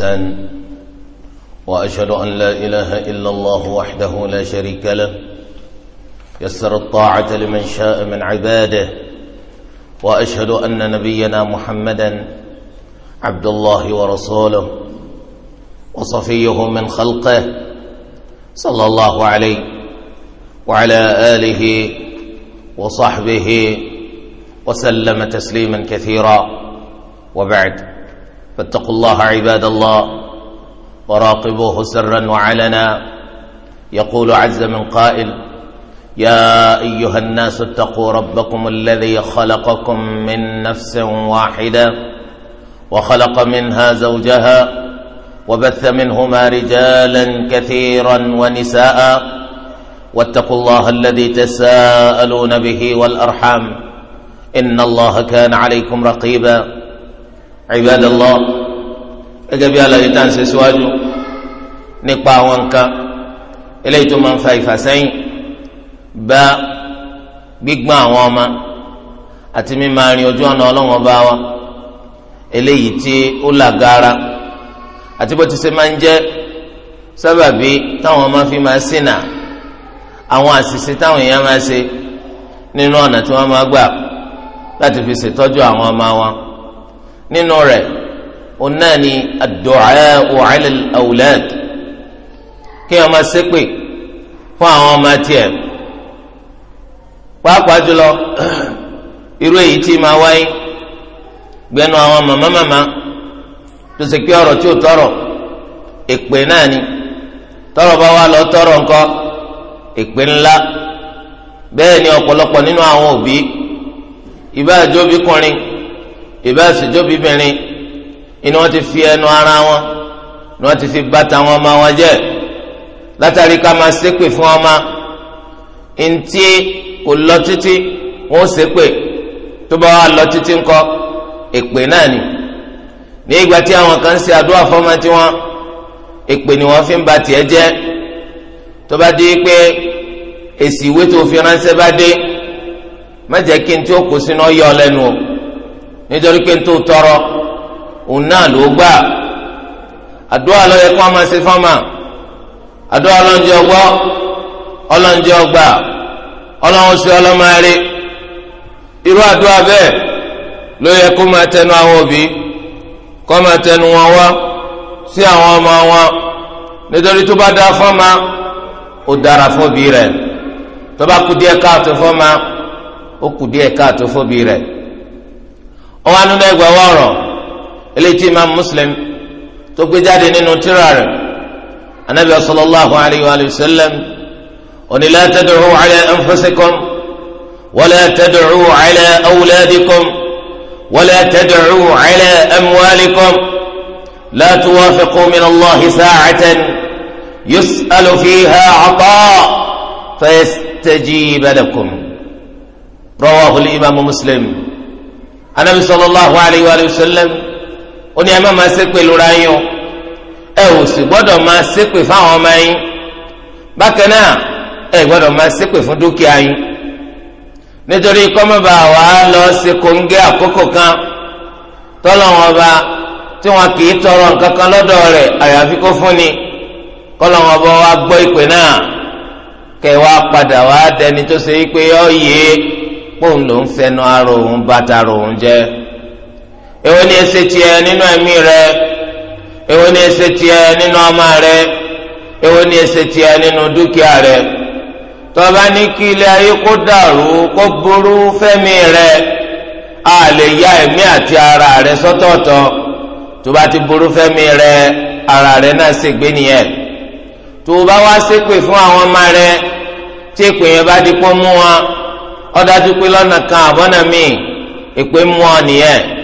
الإحسان وأشهد أن لا إله إلا الله وحده لا شريك له يسر الطاعة لمن شاء من عباده وأشهد أن نبينا محمدا عبد الله ورسوله وصفيه من خلقه صلى الله عليه وعلى آله وصحبه وسلم تسليما كثيرا وبعد فاتقوا الله عباد الله وراقبوه سرا وعلنا يقول عز من قائل يا ايها الناس اتقوا ربكم الذي خلقكم من نفس واحده وخلق منها زوجها وبث منهما رجالا كثيرا ونساء واتقوا الله الذي تساءلون به والارحام ان الله كان عليكم رقيبا عباد الله gẹ́gẹ́ bí àlàyé tá à ń ṣe síwájú nípa àwọn nǹkan eléyìí tó máa ń fa ìfàsẹ́yìn bá gbígbọ́n àwọn ọmọ àti mímọ arìn ojú ọ̀nà ọlọ́wọ́n bá wa eléyìí tí ó làgara àti bó ti ṣe máa ń jẹ́ sábàbí táwọn ọmọ fi máa ṣìnà àwọn àṣìṣe táwọn èèyàn máa ṣe nínú ọ̀nà tí wọ́n máa gbà láti fi ṣètọ́jú àwọn ọmọ wọn nínú rẹ̀ onáni ad-du'a'u 'ala al-awlad kí wọn máa ṣépè fún àwọn ọmọ tiẹ̀ pàápàá jùlọ irú èyí tí máa wáyé gbẹnu àwọn màmá màmá tó ṣe pé ọ̀rọ̀ tí ò tọrọ èpè náà ni tọrọ bá wà lọ tọrọ ńkọ́ èpè ńlá bẹ́ẹ̀ ni ọ̀pọ̀lọpọ̀ nínú àwọn òbí ìbá àjọbí kùnrin ìbá àṣìjọbí bìnrin ni wọ́n ti fi ẹnu ara wọn ni wọ́n ti fi bàtà wọn ọmọ wọn jẹ́ látàrí ká máa ṣépè fún ọmọ ntí kò lọ títí wọ́n ṣépè tó bá wà lọ títí ńkọ èpè náà ni ní ìgbà tí àwọn kan ṣe àdúrà fọmọ tiwọn èpè ni wọ́n fi ń ba tiẹ̀ jẹ́ tó bá di pé èsì ìwé tó fi ránṣẹ́ bá dé má jẹ́ kí n tí ó kó sínú ọyọ lẹ́nu o nítorí pé n tó tọrọ. òun náà ló gbà àdúrà ló yẹ kó máa ṣe fọ́mà àdúrà ọlọ́njẹ́ ọgbọ́ ọlọ́njẹ́ ọgbà ọlọ́run sí ọlọ́mọarí irú àdúrà bẹ́ẹ̀ ló yẹ kó máa tẹnu àwọn òbí kó máa tẹnu wọn wá sí àwọn ọmọ wọn nítorí tó bá dá fọ́mà ó dára fọ́bi rẹ̀ tó bá kú díẹ̀ káàtó fọ́mà ó kù díẹ̀ káàtó fọ́bi rẹ ọwọ́ anúlẹ̀ ẹgbẹ̀ wọ̀rọ̀. eléyìí tí imam muslim tó gbé jáde nínú tírà rẹ̀ anabi sallallahu alayhi wa sallam oni la tad'u ala anfusikum wala tad'u ala awladikum wala tad'u ala amwalikum لا توافقوا من الله ساعة يسأل فيها عطاء فيستجيب لكم رواه الإمام مسلم النبي صلى الله عليه وآله وسلم ó ní ẹ má máa ṣépè lóra yín o ẹ ò sì máa fáwọn ọmọ yín bákan náà ẹ gbọ́dọ̀ máa ṣépè fún dúkìá yín nítorí kọ́mọ́bà wà á lọ sí àkókò kan tọ́lọ́wọ́n tí wọn kì tọrọ nǹkan lọ́dọ̀ rẹ̀ èwo ni ese tiẹ̀ ninu ẹ̀mí rẹ èwo ni ese tiẹ̀ ninu ọmọ rẹ èwo ni ẹsẹ̀ tiẹ̀ nínú dúkìá rẹ tọ́ba ní kí ilé ayé kó dàrú kó burú fẹ́mi rẹ a lè ya ẹ̀mí àti ara rẹ sọ́tọ̀ọ̀tọ̀ tó bá ti burú fẹ́mi rẹ ara rẹ náà ṣègbé nìyẹn tó bá wá ṣépè fún àwọn ọmọ rẹ tí èpè yẹn bá di pọ́n mú wọn ó pé lọ́nà kan àbọ̀nà míì èpè mú ọ nìyẹn.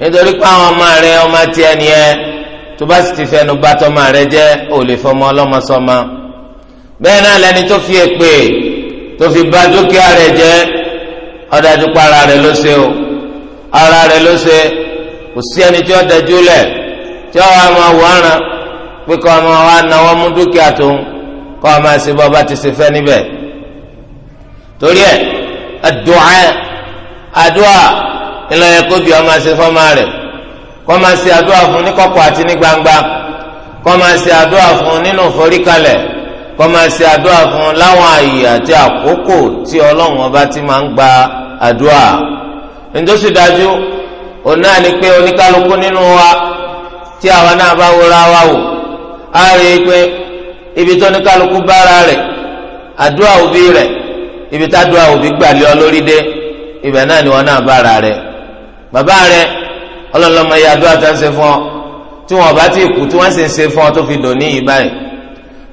nítorí pé àwọn ọmọ rẹ ọmọ tiẹ̀ nìyẹn tó bá sì ti fẹnu gbá tọmọ rẹ jẹ ò lè fọmọ ọlọ́mọ sọmọ bẹ́ẹ̀ náà lẹni tó fi èpè tó fi bà dúkìá rẹ jẹ ọdájú pa ara rẹ ló ṣe o ara rẹ ló ṣe kò sí ẹni tí ó dájú lẹ tí ó wà máa wọ ọràn pé kọ́ ọmọ wa náwó mú dúkìá tó ń kọ́ ọmọ àti bọ́ba ti ṣe fẹ́ níbẹ̀ torí ẹ̀ àdúà àdúà ńlọ yẹ kó bí ọmọ ṣe fọ́mọ rẹ̀ kó máa ṣe àdúrà fún ní kọ̀kọ̀ àti ní gbangba kó máa ṣe àdúrà fún nínú foríkalẹ̀ kó máa ṣe àdúrà fún láwọn àyè àti àkókò tí ọlọ́run ọba ti máa ń gba àdúrà nítòsí dájú òun náà ni pé oníkálukú nínú wa tí àwa náà bá wúra wa wò á rí i pé ibi tó oníkálukú bára rẹ̀ àdúrà òbí rẹ̀ ibi tá àdúrà òbí gbà lé ọ lórí dé ibẹ̀ náà ni wọn náà bára rẹ̀ bàbá rẹ ọlọ́lọ́mọ yìí àdúrà tó ń ṣe fún ọ tí wọn bá ti kú tí wọ́n sì ń ṣe fún ọ tó fi dùn ní yìí báyìí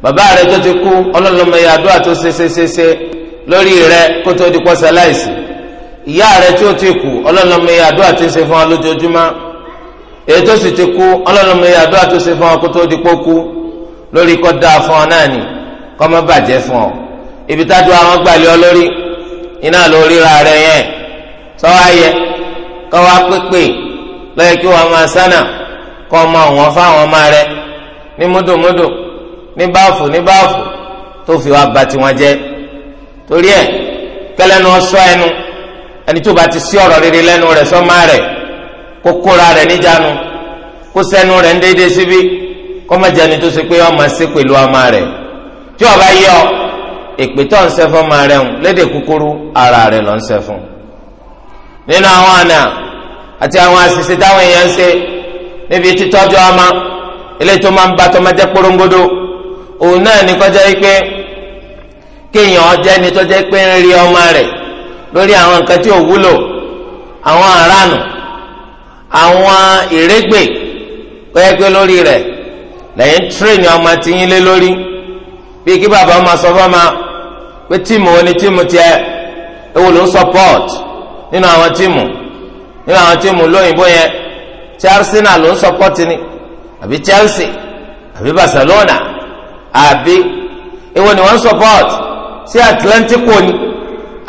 bàbá rẹ tó ti kú ọlọ́lọ́mọ yìí àdúrà tó ṣe ṣe ṣe ṣe lórí rẹ kó tó di pọ́sẹ̀ láìsí ìyá rẹ tí ó ti kú ọlọ́lọ́mọ yìí àdúrà tó ṣe fún ọ lójoojúmọ́ èyí tó sì ti kú ọlọ́lọ́mọ yìí àdúrà tó ṣe fún ọ kó tó di pọ́ kú lórí kọ́ dáa fún ọ náà ni kọ́ mọ́ bàjẹ́ fún ọ ibi tájú àwọn gbàlẹ́ ọ lórí iná lórí ra rẹ yẹn sọ wáyé kọ́ wá pépè lọ́yẹ kí wọ́n máa sánà kọ́ ọmọ wọn fáwọn ọmọ rẹ ní múdùmúdù ní báàfù ní báàfù tó fi wá ba tiwọn jẹ torí ẹ kẹlẹ́nu ọ̀ṣọ́ ẹnu ẹni tó bá ti sí ọ̀rọ̀ rere lẹ́nu rẹ̀ sọ́mọ rẹ̀ kó kóra rẹ̀ níjànú kó sẹ́nu rẹ̀ ń déédéé síbí kọ́ mẹ́jẹ ni tó ṣe pé ọmọ sí pẹ̀lú ọmọ rẹ̀ tí ọba yọ ìpè tó ń ṣe fún ọmọ rẹ̀ ń lédè kúkúrú ara rẹ̀ ló ń ṣe fún un. nínú àwọn àna àti àwọn àṣìṣe táwọn èèyàn ń ṣe níbi títọ́jú ọmọ eléyìí tó máa ń ba tọmọdé porongodo òun náà ní kọjá yìí pé kéèyàn ọjọ́ ẹni tó jẹ́ pé ń rí ọmọ rẹ̀ lórí àwọn nǹkan tí ò wúlò àwọn àránù àwọn ìrégbè kọ́yẹ́ pé lórí rẹ̀ lẹ́yìn tírèènì ọmọ ti yín lé lórí bí kí bàbá ọmọ sọ fọ́mọ pé tíìmù wo ni tíìmù tiẹ̀ ewu ló ń support nínú àwọn tíìmù nínú àwọn tíìmù lóyìnbó yẹn tí Arsenal ló ń sọpọ́tì ni àbí Chelsea àbí Barcelona àbí èwo ni wọ́n ń sọpọ́tì sí Atlantico ni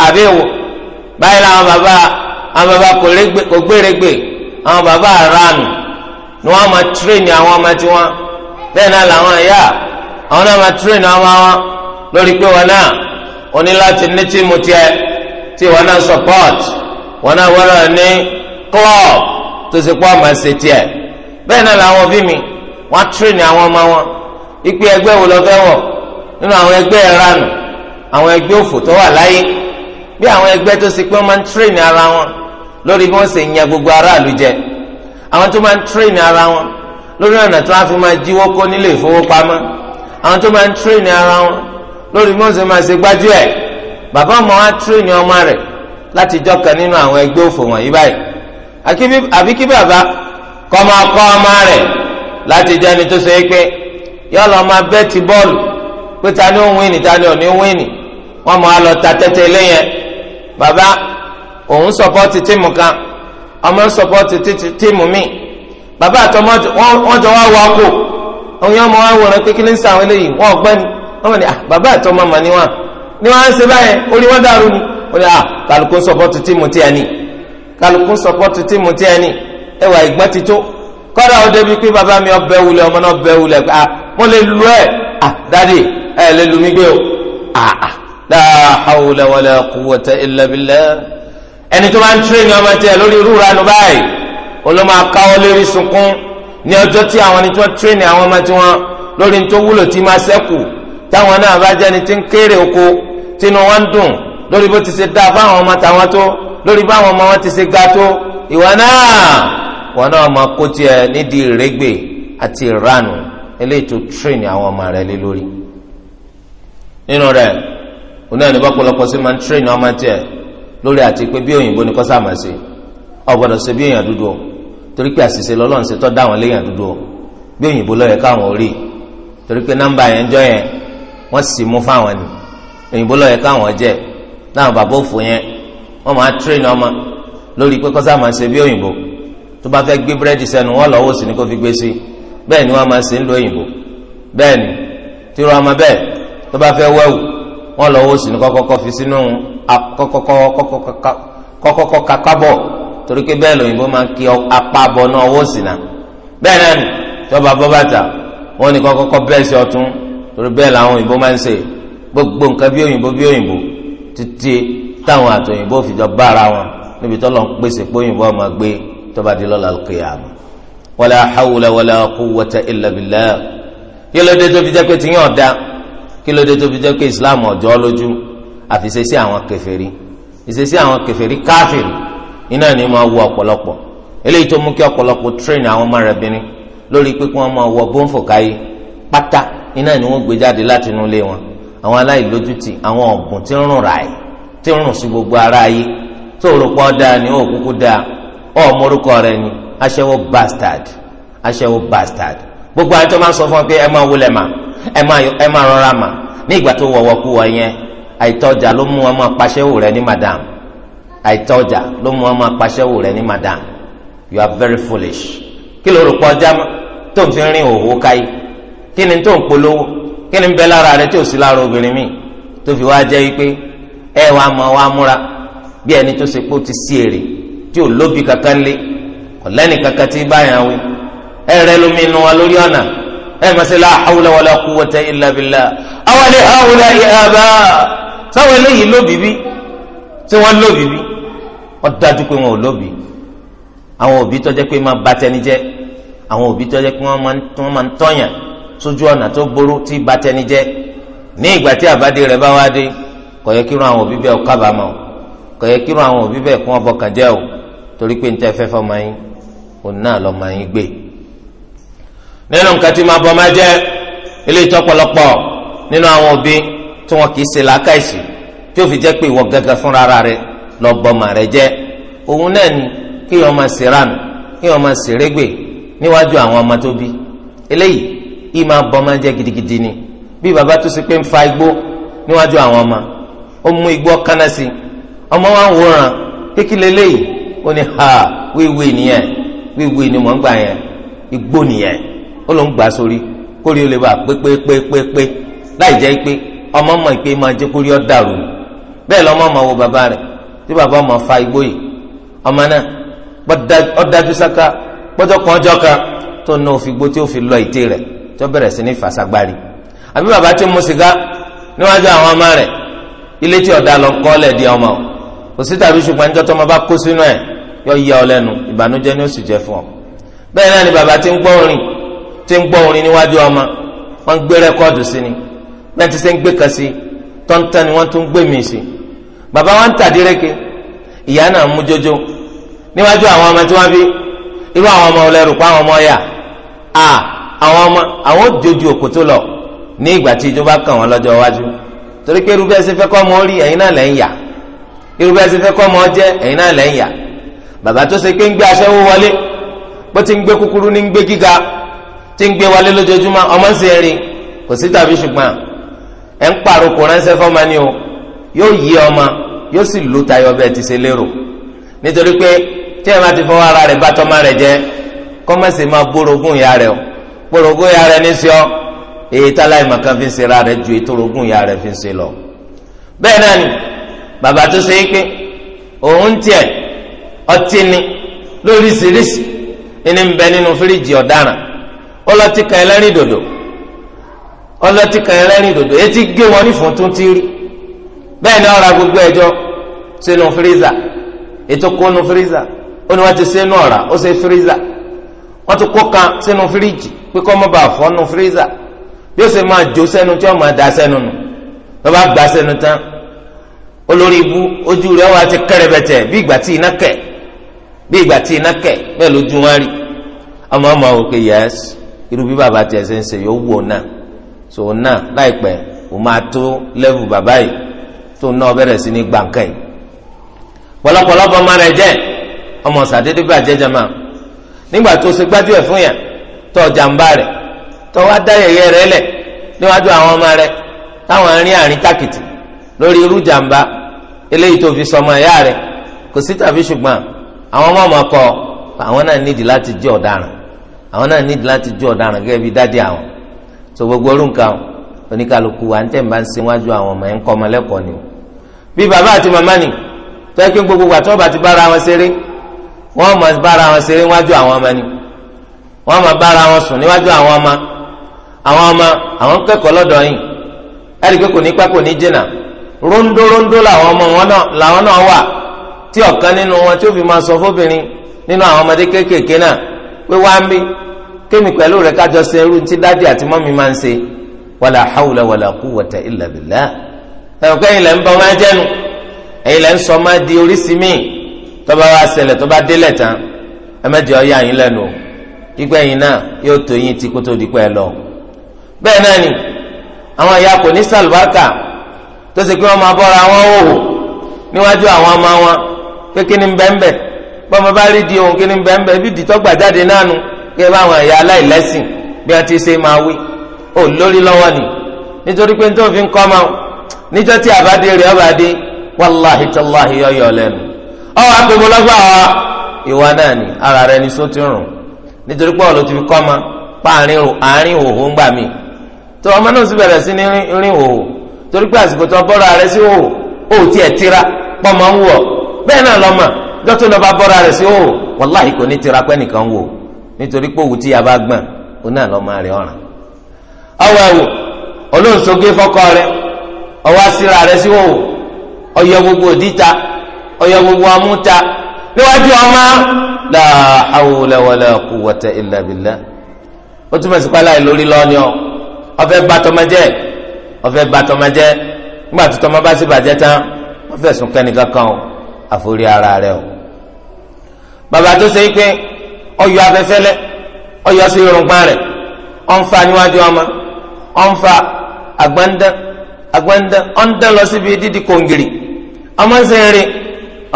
àbí èwo báyìí làwọn bàbá àwọn bàbá kò gbèrègbè àwọn bàbá àránù ni wọ́n máa tírèènì àwọn ọmọ tiwọn bẹ́ẹ̀ náà làwọn ẹ̀yà àwọn náà máa tírèènì àwọn ọmọ wọn lórí pé wọn náà oní láti ní tíìmù tiẹ̀ tí wọn náà support wọn náà wọ́n ní club tó ṣe pọ́ ọmọ ṣe tiẹ̀ bẹ́ẹ̀ náà làwọn òbí mi wọ́n tírìnì àwọn ọmọ wọn ìpè ẹgbẹ́ wo lọ fẹ́ wọ̀ nínú àwọn ẹgbẹ́ ẹ̀ránù àwọn ẹgbẹ́ òfò tó wà láyé bí àwọn ẹgbẹ́ tó ṣe pé wọ́n máa ń tírìnì ara wọn lórí bí wọ́n ṣe ń yan gbogbo aráàlú jẹ àwọn tó máa ń tírìnì ara wọn lórí ọ̀nà tó wá fi máa jíwọ́ kó nílé ìfowópamọ́ àwọn tó máa ń tírìnì ara wọn lórí bí wọ́n ṣe máa ṣe gbájú ẹ̀ bàbá ọmọ wa tírìnì ọmọ rẹ̀ láti jọ́ kan nínú àwọn ẹgbẹ́ òfò wọ̀nyí báyìí àbí kí bàbá kọ́ máa kọ́ ọmọ rẹ̀ láti jẹ́ ẹni tó ṣe é pé yọ lọ máa bẹ́ ti bọ́ọ̀lù pé ta ni ó wíìnì ta ni ò ní wíìnì wọ́n máa lọ ta tẹ́tẹ́ lé yẹn bàbá òun sọpọ́tì tíìmù kan ọmọ ń sọpọ́tì tíìmù míì bàbá àtọmọ wọn jọ wá wọ ọkọ òun yọ ọmọ wòran pé kí ló ń sa eléyìí wọn ọgbẹ́ni wọn mọ̀ ní ah, bàbá àtọmọ mà ní wọn ni wọn á ń ṣe báyẹn orí wọn dàrú ni ó ní à ah, kálukú ń sọpọ́tù tíìmù tí ẹni kálukú ń sọpọ́tù tíìmù tí ẹni ẹwà ìgbọ́n ti tó kọ́dà ó débi pé bàbá mi ọbẹ̀ wulẹ̀ ọmọ náà bẹ̀ wulẹ̀ pé ah, mo lè lu ẹ̀ à dáàdì lè lu mi gbé o à ah, la hawla wala quwwata illa billah ẹni tó máa ń tírẹ̀nì ọmọ tiẹ̀ lórí irú ranu báyìí olóma káwọ́ lórí sunkún ní ọjọ́ tí àwọn ẹni tó tírẹ̀nì àwọn ọmọ tiwọn lórí ní tó wúlò tí máa sẹ́kù táwọn náà bá jẹ́ni tí ń kéré oko tínú wọn dùn lórí bó ti ṣe dáa fáwọn ọmọ tàwọn tó lórí báwọn ọmọ wọn ti ṣe ga tó ìwọ náà wọn náà máa kó tiẹ̀ nídìí ìrẹ́gbẹ̀ àti ìranù eléyìí tó tírìn àwọn ọmọ rẹ lé lórí nínú rẹ̀ òun náà ní bọ́pọ̀lọpọ̀ sí máa ń tírìn ọmọ tiẹ̀ lórí àti pé bí òyìnbó ni kọ́ sáàmà ṣe ọ̀gbọ́dọ̀ ṣe bí èèyàn dúdú o torí pé àṣìṣe lọ́lọ́run ṣe tọ́ dáwọn léèyàn dúdú o bí òyìnbó ló yẹ káwọn rí torí pé nọ́mbà yẹn jọ yẹn wọ́n sì mú fáwọn ni òyìnbó ló yẹ káwọn jẹ́ láwọn bàbá òfò yẹn wọ́n máa tírèn ọmọ lórí pé kọ́sá máa ṣe bí òyìnbó tó bá fẹ́ gbé búrẹ́dì sẹ́nu wọ́n lọ́wọ́ sí ni kó fi gbé sí bẹ́ẹ̀ ni wọ́n máa ṣe ń lo òyìnbó bẹ́ẹ̀ ni tírò ọmọ bẹ́ẹ̀ tó bá fẹ́ wẹ́wù wọ́n lọ́wọ́ sí ni kọ́kọ́kọ́ fi sínú kọ́kọ́kọ́ kakabọ̀ torí pé bẹ́ẹ̀ lòyìnbó máa kí apabọ̀ náà ọwọ́ sí na bẹ́ẹ̀ náà ni tó bá bọ́ bàtà wọ́n ní kọ́kọ́kọ́ bẹ́ẹ̀ sí ọ̀tún torí bẹ́ẹ̀ làwọn òyìnbó máa ń ṣe gbogbo nǹkan bí òyìnbó bí òyìnbó títí táwọn àtòyìnbó fìjọ bára wọn níbi tọ́lọ̀ ń pèsè póyìnbó ọmọ gbé tọ́ba di lọ́la al-qiyāmah wala hawla wala quwwata illa billah kí ló dé tó fi jẹ́ pé tìyàn ọ̀dà kí ló dé tó fi jẹ́ pé islam ọ̀jọ́ lójú àfìṣesí àwọn kèfèrí ìṣesí àwọn kèfèrí káfìrì iná ni máa wọ ọ̀pọ̀lọpọ̀ eléyìí tó mú kí ọ̀pọ̀lọpọ̀ train àwọn ọmọ rẹ̀ bìnrin lórí pé kí máa wọ bọ́ǹfò pátá iná ni wọ́n gbé jáde láti ilé wọn àwọn aláìlójútì àwọn ọ̀gùn tí ń rùn ràì tí ń rùn sí gbogbo ara ayé tó rò dáa ni ó kúkú dáa ó mórúkọ rẹ ni aṣẹ́wó bastard aṣẹ́wó bastard gbogbo àwọn tó máa ń sọ fún ọ pé ẹ máa wulẹ̀ mà ẹ máa rọra mà ní ìgbà tó wọ̀wọ́ kú wọ yẹn àìtọ́jà ló mú wọn máa paṣẹ́wò rẹ ní madam àìtọ́jà ló mú wọn máa rẹ ní madam you are very foolish kí ló rò pọ́ ọjà tó ń fi rin òwò káyé kí ni tó ń polówó kí ni ń bẹ lára rẹ tí ò sí lára obìnrin mi tó fi wá jẹ́ pé ẹ wà mọ́ wá múra bí ẹni tó ṣe pé ó ti sí èrè tí ò lóbi kankan lé kò lẹ́ni kankan tí báyà wí ẹ rẹ lómi inú wa lórí ọ̀nà ẹ mọ̀ sí la hawla wala quwwata illa billah awali hawla ìhàbá sáwọn eléyìí lóbi bí tí wọ́n lóbi bí wọ́n dájú pé wọn ò lóbi àwọn òbí tó jẹ́ pé máa bá tẹni jẹ́ àwọn òbí tó jẹ́ pé wọ́n máa ń tọ́yàn sójú ọ̀nà tó burú tí ba tẹni jẹ́ ní ìgbà tí àbádé rẹ̀ bá wá dé kò yẹ kírun àwọn òbí bẹ́ẹ̀ ó kábàámọ̀ kò yẹ kírun àwọn òbí bẹ́ẹ̀ kún ọbọ̀ kàn jẹ́ o torí pé níta ẹ̀fẹ́ fọ́ máa yín òun náà lọ́ máa yín gbé. nínú nǹkan tí máa bọ́ máa jẹ́ ilé ìtọ́pọ̀lọpọ̀ nínú àwọn òbí tí wọn kì í ṣe làákàyèsí tí ó fi jẹ́ pé ìwọ gẹ́gẹ́ fúnra rẹ̀ lọ bọ́mọ rẹ̀ jẹ́ òun náà ni kí wọ́n máa ṣèrànù kí wọ́n máa ṣèrégbè níwájú àwọn ọmọ tó bí eléyìí ìmọ̀ abọ́mọ jẹ́ gidigidi ni bí baba tó ṣe pé ń fa igbó níwájú àwọn ọmọ ó mú igbó kánná sí i ọmọ wa ń wòran kékeré léyìí ó ní ha wíwí nìyẹn wíwí ni mò ń gbà yẹn igbó nìyẹn ó ló ń gbà sórí kórìí ó lè bá pépépépépé láì jẹ́ pé ọmọ mọ̀ pé máa jẹ́ kórìí ó dàrú bẹ́ẹ̀ lọ́mọ mọ̀ wo baba rẹ̀ tí baba ọmọ fa igbó yìí ọmọ náà ó dájú sáká gbọ́dọ̀ kan ọjọ́ kan tó ná òfin igbó tí ó fi lọ ìdí rẹ̀ tó bẹ̀rẹ̀ sí ní fàṣàgbárí àbí bàbá tí ń mu sìgá níwájú àwọn ọmọ rẹ̀ ilé tí ọ̀dà lọ kọ́ lẹ̀ di ọmọ kò sí tàbí ṣùgbọ́n níjọ́ tó ọmọ bá kó sínú ẹ̀ yọ yẹ ọ lẹ́nu ìbànújẹ́ ni ó sì jẹ́ fún ọ. bẹ́ẹ̀ náà ni bàbá tí ń gbọ́ orin tí ń gbọ́ orin níwájú ọmọ wọ́n ń gbé rẹ́kọ́ọ̀dù sí ni bẹ́ẹ̀ ti ṣe ń gbé kan sí tọ́ntàn ni wọ́n tún gbé mi sí. bàbá wọn ń tàdíreke ìyá náà mú jójó níwájú àwọn ọmọ tí wọ́n bí irú àwọn ọmọ ọlẹ́rù pa àwọn ọmọ yà á àwọn ọmọ àwọn ò lọ ní ìgbà tí ìjọba kàn torí pé irúbẹ́ ẹsẹ̀ fẹ́ kọ́ ọmọ orí ẹ̀yin náà lẹ́yìn ẹsẹ̀ fẹ́ kọ́ ọmọ ẹ̀yin náà lẹ́yìn bàbá tó ṣe pé ń gbé aṣẹ́wó wọlé ti ń gbé kúkúrú ní ń gbé gíga ti ń gbé wọlé lójoojúmọ́ ọmọ ń o yóò kpọ̀rọ̀gùn ìyá rẹ̀ ní sí ọ èyí tá láì màkàn fi ń ṣe ra rẹ̀ ju ètò orogún ìyá rẹ̀ fi ń ṣe lọ. bẹ́ẹ̀ náà ni bàbá tó ṣe é pé òun tiẹ̀ ọtí ni lóríṣiríṣi ní ń bẹ nínú fíríjì ọ̀daràn ọlọ́tí kan ẹlẹ́rìn dòdò ọlọ́tí kan ẹlẹ́rìn dòdò etí gé wọn ní fún tún ti rí bẹ́ẹ̀ ni ọ̀rá gbogbo ẹjọ́ sínú fíríza ètò kó fíríza ó ní wọ́n ti sínú ọ̀rá ó ṣe fíríza wọ́n ti kó kan sínú fíríjì pé kọ́ mọ́ bá fọ́nù fírísà bí ó sì máa jó sẹ́nu tí ó máa da sẹ́nu nù tó bá gbà sẹ́nu tán olórí ibu ojú rẹ̀ wá ti kẹ́rẹ̀bẹ̀tẹ̀ bí ìgbà tí iná kẹ̀ bí ìgbà tí iná kẹ̀ bẹ́ẹ̀ lójú wọn rí ọmọ ọmọ wò pé yẹs irú bí bàbá tiẹ̀ ṣe ń ṣe yóò wò náà so náà láìpẹ́ òun máa tó lẹ́vù bàbá yìí tó náà bẹ̀rẹ̀ sí ní gbàǹkà yìí pọ̀lọpọ̀lọpọ̀ ọmọ rẹ̀ jẹ́ ọmọ sàdédé bàjẹ́ jẹ́ máa nígbà tó ṣe gbájú ẹ̀ fún yàn tó jàǹbá rẹ̀ tó wá dá yẹ̀yẹ́ rẹ̀ lẹ̀ níwájú àwọn ọmọ rẹ̀ táwọn rin àrin tákìtì lórí irú jàǹbá eléyìí tó fi sọmọ ẹ̀yà rẹ̀ kò sí tàbí ṣùgbọ́n àwọn ọmọ ọmọ kọ àwọn náà nídìí láti jẹ́ ọ̀daràn àwọn náà nídìí láti jẹ́ ọ̀daràn gẹ́gẹ́ bí dádì àwọn tó gbogbo orú nǹkan oníkàlùkù wa ń tẹ̀ ń bá ń ṣe wájú àwọn ọmọ ẹ̀ ń ni o bí bàbá àti màmá ni tẹ́kí gbogbo àtọ́ba ti bára wọn ṣeré wọ́n mọ̀ bára wọn ṣeré wájú àwọn ọmọ ni wọ́n máa bára wọn sùn níwájú àwọn ọmọ àwọn ọmọ àwọn kẹ́kọ̀ọ́ lọ́dọ̀ yìí ẹ̀rí pé kò ní pẹ́ kò ní jìnnà rondo rondo làwọn ọmọ wọn náà làwọn náà wà tí ọ̀kan nínú wọn tí ó fi máa sọ fóbìnrin nínú àwọn ọmọdé kéékèèké náà pé wá ń bí kémi pẹ̀lú rẹ̀ kájọ ṣe irú tí dádì àti mọ́mi máa ń ṣe wàlà hàwùlà wàlà quwwata illa billah ẹ̀rùn pé ilẹ̀ ń bọ́ máa jẹ́nu ilẹ̀ ń sọ máa di orísìí míì tó bá ṣẹlẹ̀ tó délẹ̀ tán ẹ mẹ́jọ yà yín lẹ́nu o. ìgbẹ̀yìn náà yóò tó yín tí kó tó di lọ. bẹ́ẹ̀ náà ni àwọn ìyá kò ní sàlùbákà tó ṣe pé wọ́n máa bọ́ra wọn òwò níwájú àwọn ọmọ wọn pé kí ni ń di ohun kí ni ń ibi ìdìtọ́ gbàjáde kí ẹ bá àwọn ìyá aláìlẹ́sìn bí wọ́n ti ṣe máa wí ò lórí lọ́wọ́ ni nítorí pé fi ń kọ́ níjọ́ tí àbádé rẹ̀ ọba nítorí pé ọ̀lọ́ ti fi kọ́ ọmọ pa àárín òhò ń gbà mí tó ọmọ náà sì bẹ̀rẹ̀ sí ní rin òhò torí pé àsìkò tó bọ́ra rẹ sí òhò ó tiẹ̀ tira pọ́nmọ́ ń wọ̀ bẹ́ẹ̀ náà lọ́mọ dọ́tò lọ́ bá bọ́ra rẹ sí òhò wàláhì kò ní tira pẹ́ nìkan wò nítorí pé òwú tí gbọ̀n náà ọyọ gbogbo òdìta ọyọ gbogbo amúta níwájú ọmọ la hawla wala quwwata illa billah ó túmọ̀ sí pálá ìlórí lọ́ni ọ ọfẹ́ bá tọmọ jẹ ọfẹ́ bá tọmọ jẹ nígbà tó tọmọ bá sì bàjẹ́ tán wọ́n fẹ̀sùn kẹ́nìkan kan o àforí ara rẹ o bàbá tó ṣe é pé ọyọ afẹ́fẹ́lẹ́ ọyọ sí irùngbọ̀n rẹ̀ ọ̀nfà níwájú ọmọ ọ̀nfà àgbọ̀ndán àgbọ̀ndán ọ̀ndán lọ síbi dídí kòǹgìrì ọmọ ń sẹ́yìn rí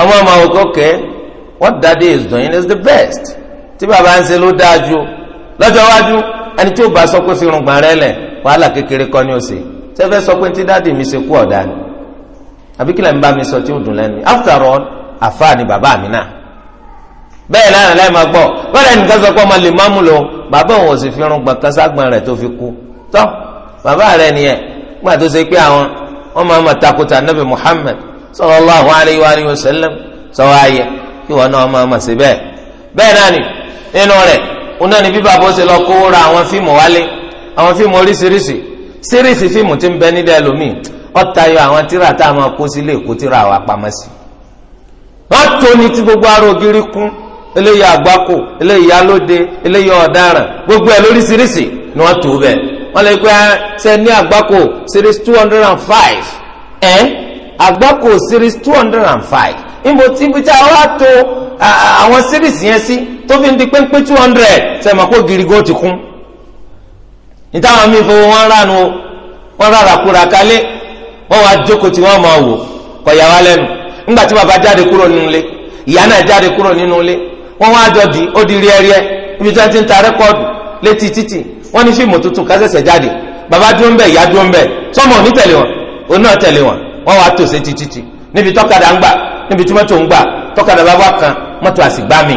ọmọ ọmọ òkè what daddy is doing is the best tí bàbá ń ṣe ló dáa ju lọ́jọ́ iwájú ẹni tí ó bá sọ pé fìrùngbọ̀n rẹ lẹ̀ wàhálà kékeré kọ́ ni ó ṣe ṣé fẹ́ sọ pé tí dáàdì mi ṣe kú ọ̀dà ni àbí kílẹ̀ ń bá mi sọ tí ó dùn lẹ́nu after all àfa ni bàbá mi náà bẹ́ẹ̀ lánàá láì máa gbọ́ bẹ́ẹ̀ nìkan sọ pé ọmọ lè má mú lò bàbá òun ò sì fi irun gbọ̀n kan tó fi kú tọ́ bàbá rẹ̀ nìyẹn gbà tó ṣe pé àwọn wọn máa ma takuta nabi Muhammad sallallahu alayhi wa sallam kí wọn náà máa mọ̀ sí bẹ́ẹ̀ bẹ́ẹ̀ náà ni nínú rẹ̀ òun náà ni bí bàbá ó ṣe lọ kó ra àwọn fíìmù wálé àwọn fíìmù oríṣiríṣi síríìsì fíìmù ti ń bẹ nídìí ẹlòmíì ọ̀tayọ àwọn tíra tá a máa kó sílé èkó tíra wa pamọ́ sí. wọ́n tó ní tí gbogbo ara ògiri kún eléyìí àgbákò eléyìí alóde eléyìí ọ̀daràn gbogbo ẹ̀ lóríṣiríṣi ni wọ́n tó bẹ̀. wọ́n lè gbé ah, ṣe ní àgbákò series two hundred and five ẹ̀ àgbákò series two hundred and five níbo tí ibi tí a wá to àwọn series yẹn sí tó fi ń di pé two hundred sẹ́mi àpò gírígó ti kún nítawọn míì fowó wọn ránu wọn rárá kúra kálé wọn wá jókòó tí wọn máa wò kọyà wá lẹ́nu ńgbà tí bàbá jáde kúrò nínú ilé ìyá náà jáde kúrò nínú ilé wọn wá jọ di ó di ríẹríẹ ibi tí wọn ti ń ta rẹkọọdù létí títì wọn ní fíìmù tuntun kásẹsẹ jáde bàbá dúró ń bẹ ìyá dúró ń bẹ sọmọ òní tẹ̀lé wọn òun náà tẹ̀lé wọn wọn wá tòṣe títí níbi tọkadà ń gbà níbi tí mọ́tò ń gbà tọ́kadà bá wà kan mọ́tò àsìgbà mi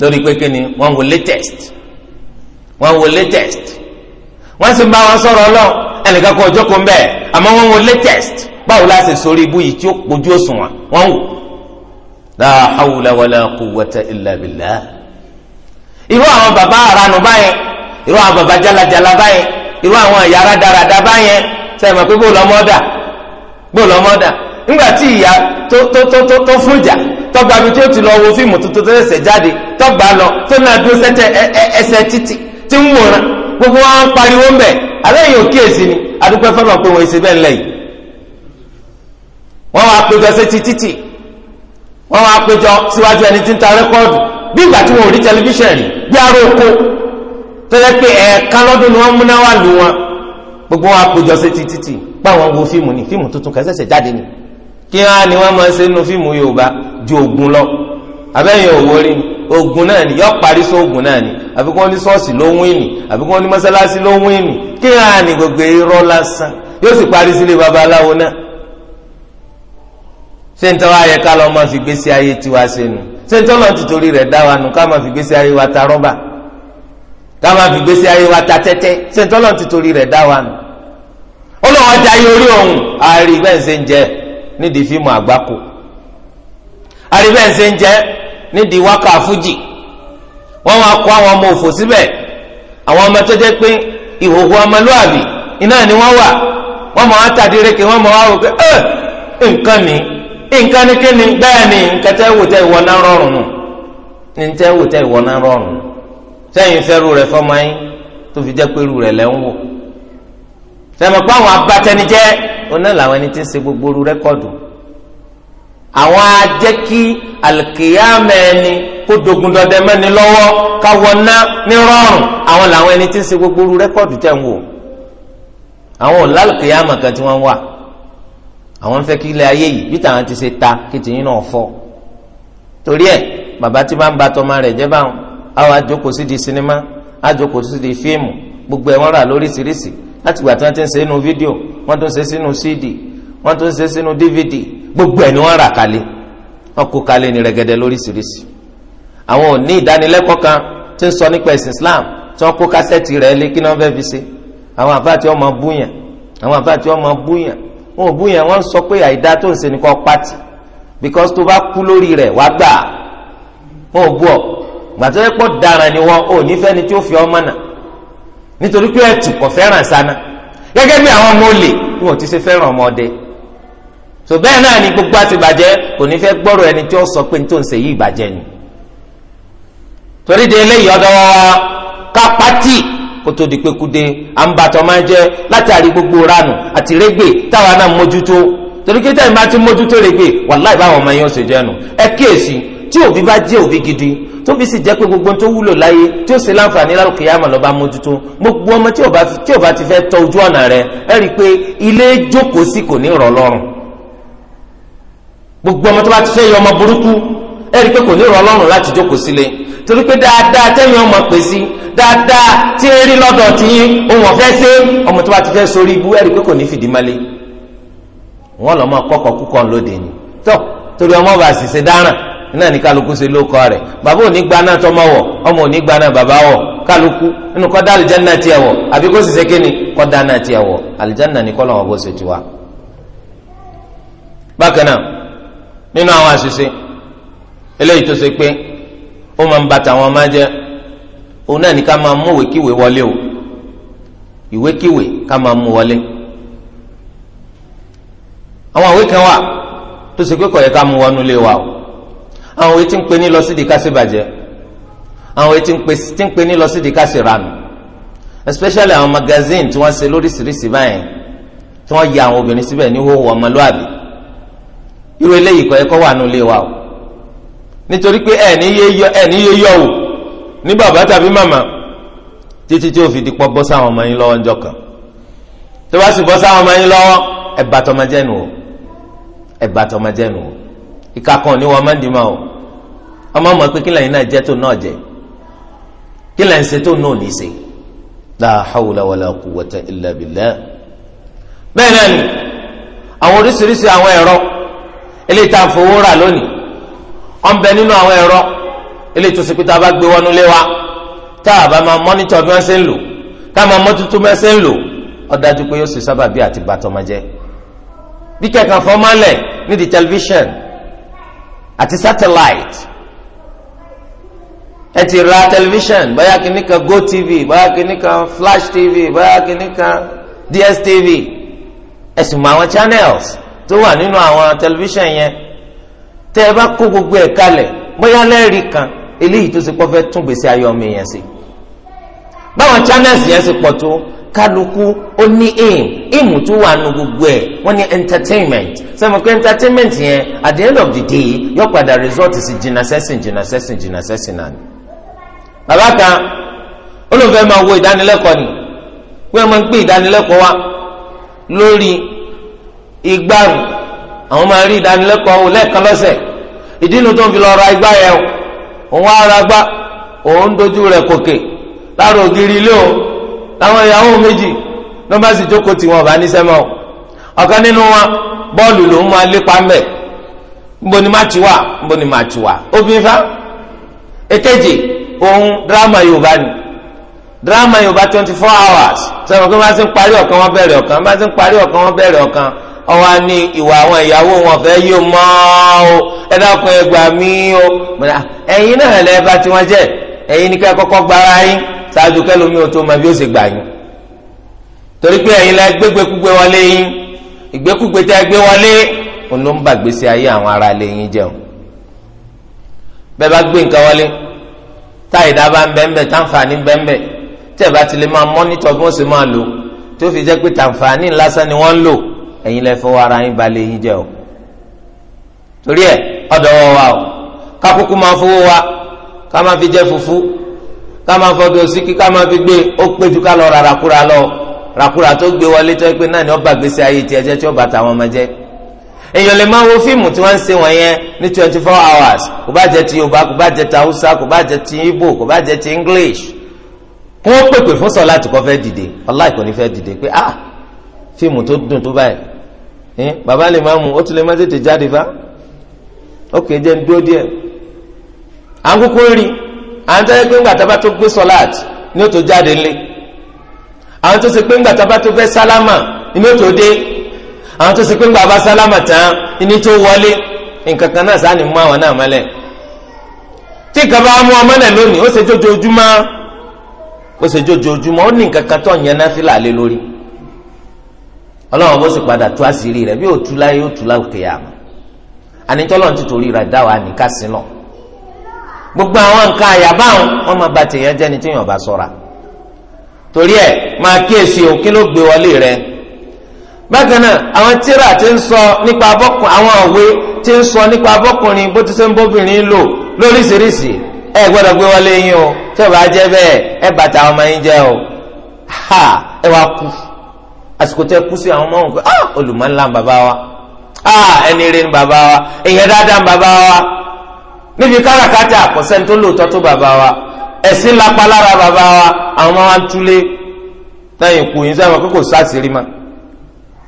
lórí pé kíni wọ́n wo latest wọ́n wo latest wọ́n sì ń bá wọn sọ̀rọ̀ ọlọ́run ẹnìkan kan ọjọ́ kan bẹ́ẹ̀ àmọ́ wọ́n wo latest báwo la ṣe sórí ibú yìí tí ó pojú òṣùwọ̀n wọ́n wò la hawla wala quwwata illa billah irú àwọn bàbá aranu báyẹn irú àwọn bàbá jalajala báyẹn irú àwọn ìyára dáradá báyẹn sẹ́yìn mọ̀ pé bó lọ́mọ́dà bó lọ́mọ́dà ńgbà tí ìyá tó tó tó tó fún ìjà tọgbà mi tí ó ti lọ wo fíìmù tuntun tó ṣẹ̀ṣẹ̀ jáde tọgbà lọ tó náà dúró sẹtẹ ẹsẹ̀ títì tí ń wòran gbogbo wa ń pariwo ń bẹ alẹ́ yìí ò kíyèsí ni adúpẹ́ fẹ́ràn pé wọ́n ṣe bẹ́ẹ̀ lẹ́yìn wọ́n wá péjọ sétí títì wọ́n wá péjọ síwájú ẹni tí ń ta rẹ́kọ́ọ̀dù bí ìgbà tí wọ́n ò rí tẹlifíṣàn rí bí aró oko tẹ́lẹ̀ pé ẹ̀ẹ̀kan lọ́dún ni wọ́n múná wà lù wọn gbogbo wọn péjọ sétí títì báwọn wo fíìmù ni fíìmù tuntun kan jáde ni kí á ni wọ́n máa ṣe nínú fíìmù yorùbá ju ogun lọ abẹ́yẹn òwò rí ni ogun náà ni yọ parí sóògùn náà ni àbí kí wọ́n ní ṣọ́ọ̀ṣì ló wín ni àbí kí wọ́n ní mọ́sálásí ló wín ni kí á ni gbogbo irọ́ lásán yóò sì parí sílé babaláwo náà ṣé nítorí ayẹ ká lọ máa fi gbésí ayé tiwa ṣe nu ṣé nítorí lọ́n ti torí rẹ̀ dá wa nù ká máa fi gbésí ayé wa ta rọ́bà ká máa fi gbésí ayé wa ta tẹ́tẹ́ ṣé nítorí lọ́n ti torí rẹ̀ dá wa nù ó lọ́wọ́ jayé orí òun àárí bẹ́ẹ̀ ṣe ń jẹ́ ẹ̀ nídìí fíìmù àgbákò àríbẹ̀nsẹ̀ ń jẹ́ nídìí wákà fújì wọ́n wá kó àwọn ọmọ òfò síbẹ̀ àwọn ọmọ tó jẹ́ pé ọmọlúàbí iná ni wọ́n wà wọ́n mọ̀ wọ́n tàdíreke wọ́n mọ̀ wọ́n pé nǹkan ni nǹkan ni kí ni bẹ́ẹ̀ ni nǹkan tẹ́ wò tẹ́ ìwọ náà rọrùn nù tẹ́ wò tẹ́ ìwọ náà rọrùn sẹ́yìn sẹ́mi pé àwọn abatẹnijẹ́ oná làwọn ẹni tí ń ṣe gbogbo oru rẹ́kọ̀dù àwọn ajẹ́ kí àlùkìyàmẹ́ ẹni kó dogun dọdẹ mẹ́ni lọ́wọ́ káwọ́ ná ní rọrùn àwọn làwọn ẹni tí ń ṣe gbogbo oru rẹ́kọ̀dù tẹ̀ ń wò àwọn òlàlùkìyàmẹ́ kan tí wọ́n wà àwọn fẹ́ kí ilé ayé yìí bí tàwọn ti ṣe ta kí tìyín náà fọ́ torí ẹ̀ bàbá tí máa ń ba rẹ̀ jẹ́ báwọn àwọn àjòkó sí di sinimá àjòkó sí di fíìmù gbogbo ẹ̀ wọ́n rà lóríṣiríṣi láti gbà tí wọ́n ti ń ṣe sínú fídíò wọ́n tún ṣe sínú cd wọ́n tún ṣe sínú dvd gbogbo ẹ̀ ni wọ́n rà kalẹ̀ wọ́n kó kalẹ̀ ní rẹ̀gẹ̀dẹ̀ lóríṣiríṣi àwọn ò ní ìdánilẹ́kọ̀ọ́ kan tí ń sọ nípa ẹ̀sìn islam tí wọ́n kó kásẹ̀tì rẹ̀ lé kí náà fẹ́ fi ṣe àwọn àfáà tí búyàn àwọn àfáà tí búyàn wọn ò búyàn wọ́n sọ pé àìdá tó ń ṣe nìkan pàtì because tó bá kú lórí rẹ̀ wá gbà wọn ò bú ọ gbàtọ́ ẹ̀pọ̀ dára ni wọn ò nífẹ̀ẹ́ ni tí ó fi ọ mọ̀nà nítorí pé ẹtù kò fẹ́ràn sáná gẹ́gẹ́ bí àwọn ọmọ olè tí wọ́n ti ṣe fẹ́ràn ọmọdé tó bẹ́ẹ̀ náà ni gbogbo àti ìbàjẹ́ kò ní fẹ́ gbọ́rọ̀ ẹni tí ó sọ pé nítorí ṣe yí ìbàjẹ́ ni torí de eléyìí ọ̀dọ̀ wa kápátì kó tó di pé kúde à ń bàtọ́ máa jẹ́ látàrí gbogbo ránù àti régbè táwa náà mójútó torí kí tẹ̀yìn bá ti mójútó régbè wàláì báwọn ọmọ yẹn ó ṣe jẹ́nu ẹ kíyèsí tí òbí bá jẹ́ òbí gidi tóbi sì jẹ́ pé gbogbo tó wúlò láyé tí ó ṣe láǹfààní lálùkì yá màá lọ́ba mójútó gbogbo ọmọ tí ò bá ti fẹ́ tọ ojú ọ̀nà rẹ̀ ẹ rí i pé ilé jókòó sí kò ní rọ̀ lọ́rùn gbogbo ọmọ tó bá ti fẹ́ yọ ọmọ burúkú ẹ rí i pé kò ní rọ̀ lọ́rùn láti jókòó sílé torí pé dáadáa tẹ́yìn ọmọ pè sí dáadáa tí ń rí lọ́dọ̀ tí òun ọ̀fẹ́ ṣe ọmọ tó bá ti fẹ́ sórí ibú ẹ rí i pé kò ní fìdí mọ́lé wọn lọ́mọ kọ́kọ́ kúkọ́ lóde ni tọ́ torí ọmọ bá sì ṣe dáràn náà ní kálukú ṣe ló kọ rẹ̀ bàbá òní gbaná tọmọ wọ̀ ọmọ òní gbaná bàbá wọ̀ kálukú nínú kọ́dá àlìjáná tiẹ̀ wọ̀ àbí kó sì ṣe kíni kọ́dá náà tiẹ̀ wọ̀ àlìjáná ní kọ́lọ́wọ́ bó ṣe tiwa. bákan náà nínú àwọn àṣìṣe eléyìí tó ṣe pé ó máa ń ba tàwọn máa jẹ òun náà ní ká máa mú ìwékíwé wọlé o ìwékíwé ká máa mú wọlé àwọn ìwé kan wà tó ṣe pé kò yẹ ká mú wọnú lé wa o àwọn òwe tí ń pe ní lọ sídìí kásì bàjẹ́ àwọn òwe tí ń pe ní lọ sídìí kásì rànù especially àwọn magazine tí wọ́n ṣe lóríṣiríṣi báyìí tí wọ́n ya àwọn obìnrin síbẹ̀ ní hóhùn ọmọlúàbí irú eléyìí kọ́ ẹ kọ́ wà nù wa o nítorí pé ẹ̀ ní yé yọ o ní bàbá tàbí màmá títí tí o fi di pọ́ bọ́ sáwọn ọmọ yín lọ́wọ́ ńjọ kan tó bá sì bọ́ sáwọn ọmọ yín lọ́wọ́ ẹ̀ bàtọ́ ọmọ jẹ́nu o ẹ̀ bàtọ́ ọmọ jẹ́nu o ìkakọ̀ ní wọn máa ń dì máa o ọmọ ọmọ pé kílẹ̀ yín náà jẹ́ tó náà jẹ́ kílẹ̀ ń ṣe tó náà ní ṣe wala quwwata illa billah bẹ́ẹ̀ náà ni àwọn oríṣiríṣi àwọn ẹ̀rọ eléyìí tá a fowó rà lónìí ọ̀n bẹ nínú àwọn ẹ̀rọ eléyìí tó ṣe pé tá a bá gbé wọnú lé wa tá a bá máa mọ́nítọ̀ bí wọ́n ṣe ń lò tá a máa mọ́tútù bí wọ́n ṣe ń lò ó dájú pé yóò ṣe sábàbí àti bàtọ́ máa jẹ́ bí kẹ̀kẹ́ fọ́ nídìí tẹlifíṣàn àti satellite ẹ ti ra television, bóyá kìíní kan TV, bóyá kìíní kan flash tv bóyá kìíní kan dstv ẹ mọ àwọn channels tó wà nínú àwọn television yẹn tẹ ẹ bá kó gbogbo ẹ kalẹ̀ bóyá lẹ́ẹ̀rí kan eléyìí tó ṣe pọ́ fẹ́ tún gbèsè ayọ̀ mi yẹn sí báwọn channels yẹn ṣe pọ̀ tó kálukú ó ní aim aim tó wà nù gbogbo ẹ wọn ní entertainment entertainment yẹn at the end of the day yọ padà result sí jìnnà sẹ́sìn jìnnà sẹ́sìn jìnnà sẹ́sìn náà ni. bàbá kan olùfẹ́ máa wo ìdánilẹ́kọ̀ọ́ ni wọ́n wa lórí àwọn máa rí ìdánilẹ́kọ̀ọ́ wò lẹ́ẹ̀kan lọ́sẹ̀ tó ń fi lọ ra igbá yẹn o òun á ra gbá òun dojú rẹ̀ kòkè o. làwọn ìyàwó méjì lọ́ba sì jókòó tí wọn ò bá níṣẹ́ nínú wọn bọ́ọ̀lù ló ń máa lépa mẹ́ nbọ ni máàtì wà nbọ ni máàtì wà obìnrin fa èkejì òun dírámà yorùbá ni dírámà yorùbá twenty four hours sọ̀rọ̀ pé wọ́n ti ń parí ọ̀kan bẹ̀rẹ̀ ni ìwà àwọn ìyàwó wọn fẹ́ yí o mọ́ o ẹ dákun ẹ gbà mí o ah, ẹ̀yin náà lẹ́ẹ̀ bá tiwọn jẹ́ ni kọ́kọ́ gbára yín ṣáájú kẹlòmí ò tó ma bí ó ṣe gbà yín torí pé ẹ̀yin la gbégbékúgbé wọlé yín ìgbékúgbé tẹ́ gbé wọlé òun ló ń bàgbèsè ayé àwọn ará ilé yín jẹun bẹ́ẹ̀ bá gbé nǹkan wọlé táyìdá bá ń bẹ́ńbẹ́ táǹfààní ń bẹ́ńbẹ́ tẹ́ bá ti lè máa mọ́nítọ̀ bí wọ́n ṣe máa lò tí ó fi jẹ́ pé tàǹfààní lásán ni wọ́n ń lò ẹ̀yin lẹ fọwọ́ ara yín balẹ̀ yín jẹ́ o torí ẹ̀ ọ̀dọ̀ wọ́n wà o kákúkú máa fowó wa ká máa fi jẹ fufu ká máa fọdọ sí kí ká máa fi gbé ó péjú ká lọ ra ràkúrà lọ ràkúrà tó gbé wọlé tó pé náà ni ọba gbèsè ayé tiẹ̀ jẹ́ tí ó bá tàwọn ọmọ jẹ́ èèyàn lè máa wo fíìmù tí wọ́n ń ṣe wọ̀nyẹn ní twenty four hours kò bá jẹ́ ti Yorùbá kò bá jẹ́ ti Haúsá kò bá jẹ́ ti Igbo kò bá jẹ́ ti English kó o pèpè fún sọ láti kọ́ fẹ́ dìde ọláì kò ní fẹ́ dìde pé ah fíìmù tó dùn tó báyìí bàbá lè máa mú ó tún lè má tètè jáde bá ó kéde ń dúró díẹ̀ à ń kúkú rí i àwọn tó yẹ pé ńgbà tábà tó gbé sọláàt ni ó tó jáde lé àwọn tó ṣe pé ńgbà tábà tó fẹ́ sálámà ni ó tó dé àwọn tó ṣe pé ńgbà bá sálámà tán ni tó wọlé nǹkan kan náà sáà ni mú àwọn náà mọ́lẹ̀ tí nǹkan bá mú ọmọ náà lónìí ó ṣe jójoojúmọ́ ó ṣe jójoojúmọ́ ó ní nǹkan kan tó yẹn náà fi làlẹ́ lórí ọlọ́run bó sì padà tú àṣírí rẹ̀ bí òtúláyé òtúlá òkè àmọ́ ànitọ́lọ́run ti torí rẹ̀ dá wa nìkásínà gbogbo àwọn nǹkan àyàbá wọn máa ba tèèyàn jẹ́ ni téèyàn bá ṣọ́ra torí ẹ̀ máa kíyèsí o kí ló gbé wọlé rẹ bákan náà àwọn tíra ti ń sọ nípa abọ́kùn àwọn òwe ti ń sọ nípa abọ́kùnrin bó ti ṣe ń bóbìnrin lò lóríṣiríṣi ẹ gbọ́dọ̀ gbé wọlé yín o tí ò bá jẹ́ bẹ́ẹ̀ ẹ bàtà ọmọ yín jẹ́ o ha ẹ wá kú àsìkò tẹ kú sí àwọn ọmọ òun pé ah olùmọ̀ ńlá ń bàbá wa ah ẹni rẹ ń bàbá wa èèyàn dáadáa ń bàbá wa níbi káràkátà àkọsẹ́ni tó lóòótọ́ tó bàbá wa ẹ̀sìn lápá lára bàbá wa àwọn máa ń túlé lẹ́yìn ikú yìí sẹ́wọ̀n kókò sáàsìrì ma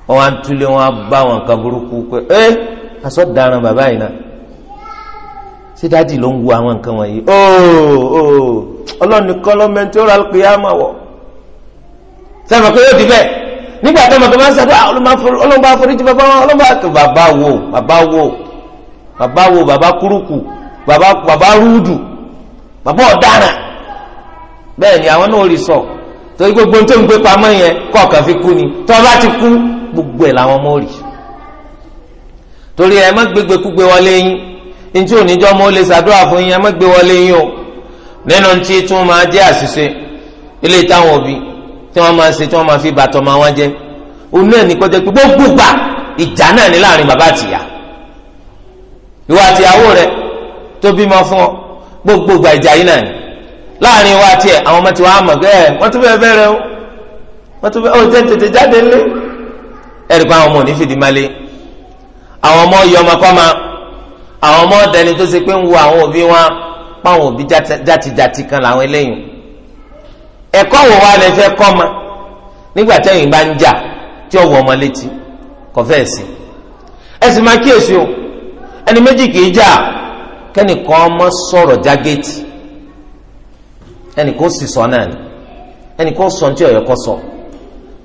wọ́n á ń túlé wọ́n á bá wọn kan burúkú pé ẹ́ asọ́daràn bàbá yìí náà ṣé dáàdì ló ń wo àwọn nǹkan wọ̀nyí óò óò ọlọ́ọ̀ni kọ́ lọ́mẹ́ntì ó ra pé á máa wọ̀ sẹ́wọ̀n kó yóò di bẹ́ẹ̀ nígbà tó ọmọkùnrin máa ń sàdúrà ọlọ́mọba àforíjì bàbá wọn ọlọ́mọba àti bàbá wo bàbá wo bàbá wo bàbá kúrúkù bàbá bàbá rúdù bàbá ọ̀daràn bẹ́ẹ̀ ni àwọn náà rí sọ torí gbogbo tó ń gbé pamọ́ yẹn kọ̀ọ̀kan fi kú ni tó bá ti kú gbogbo ẹ̀ làwọn ọmọ rí torí ẹ má gbégbé kúgbé wọlé yín ntí oníjọ́ ọmọ ó lè ṣàdúrà fún yín ẹ má gbé wọlé yín o nínú tí tí máa jẹ́ àṣìṣe ilé táwọn òbí tí wọ́n máa ṣe tí wọ́n máa fi bàtọ́ máa wọ́n jẹ́ onú ẹ̀ ní kọjá pé gbogbo gbà ìjà náà ní láàrin bàbá àtìyá ìwà àtìyàwó rẹ̀ tó bímọ fún ọ gbogbo gba ìjà yìí náà ni láàrin wa tiẹ̀ àwọn ọmọ tiwa àmọ̀ gẹ́ẹ́ wọ́n tún bẹ́ẹ̀ bẹ́ẹ̀rẹ̀ o wọ́n tún bẹ́ẹ̀ o jẹ́ tètè jáde ńlé ẹ̀rí pa àwọn ọmọ òní fìdí malé àwọn ọmọ yọ ọmọ kọ́ma àwọn ọmọ ọ̀dẹni tó ṣe pé ń wo àwọn òbí wọn páwọn òbí játijàti kan làwọn eléyìí ẹ̀kọ́ wo wa lè fẹ́ kọ́ ma nígbà tẹ́yìn bá ń jà tí ó ọmọ létí kọfẹ́ẹ̀sì ẹ̀sìn máa kíyèsí o ẹni méjì kì í jà kẹ́nìkan ọmọ sọ̀rọ̀ jágéètì ẹnìkan ó sì sọ náà ni ẹnìkan ó sọ ní tí ọ̀yọ́ kọ́ sọ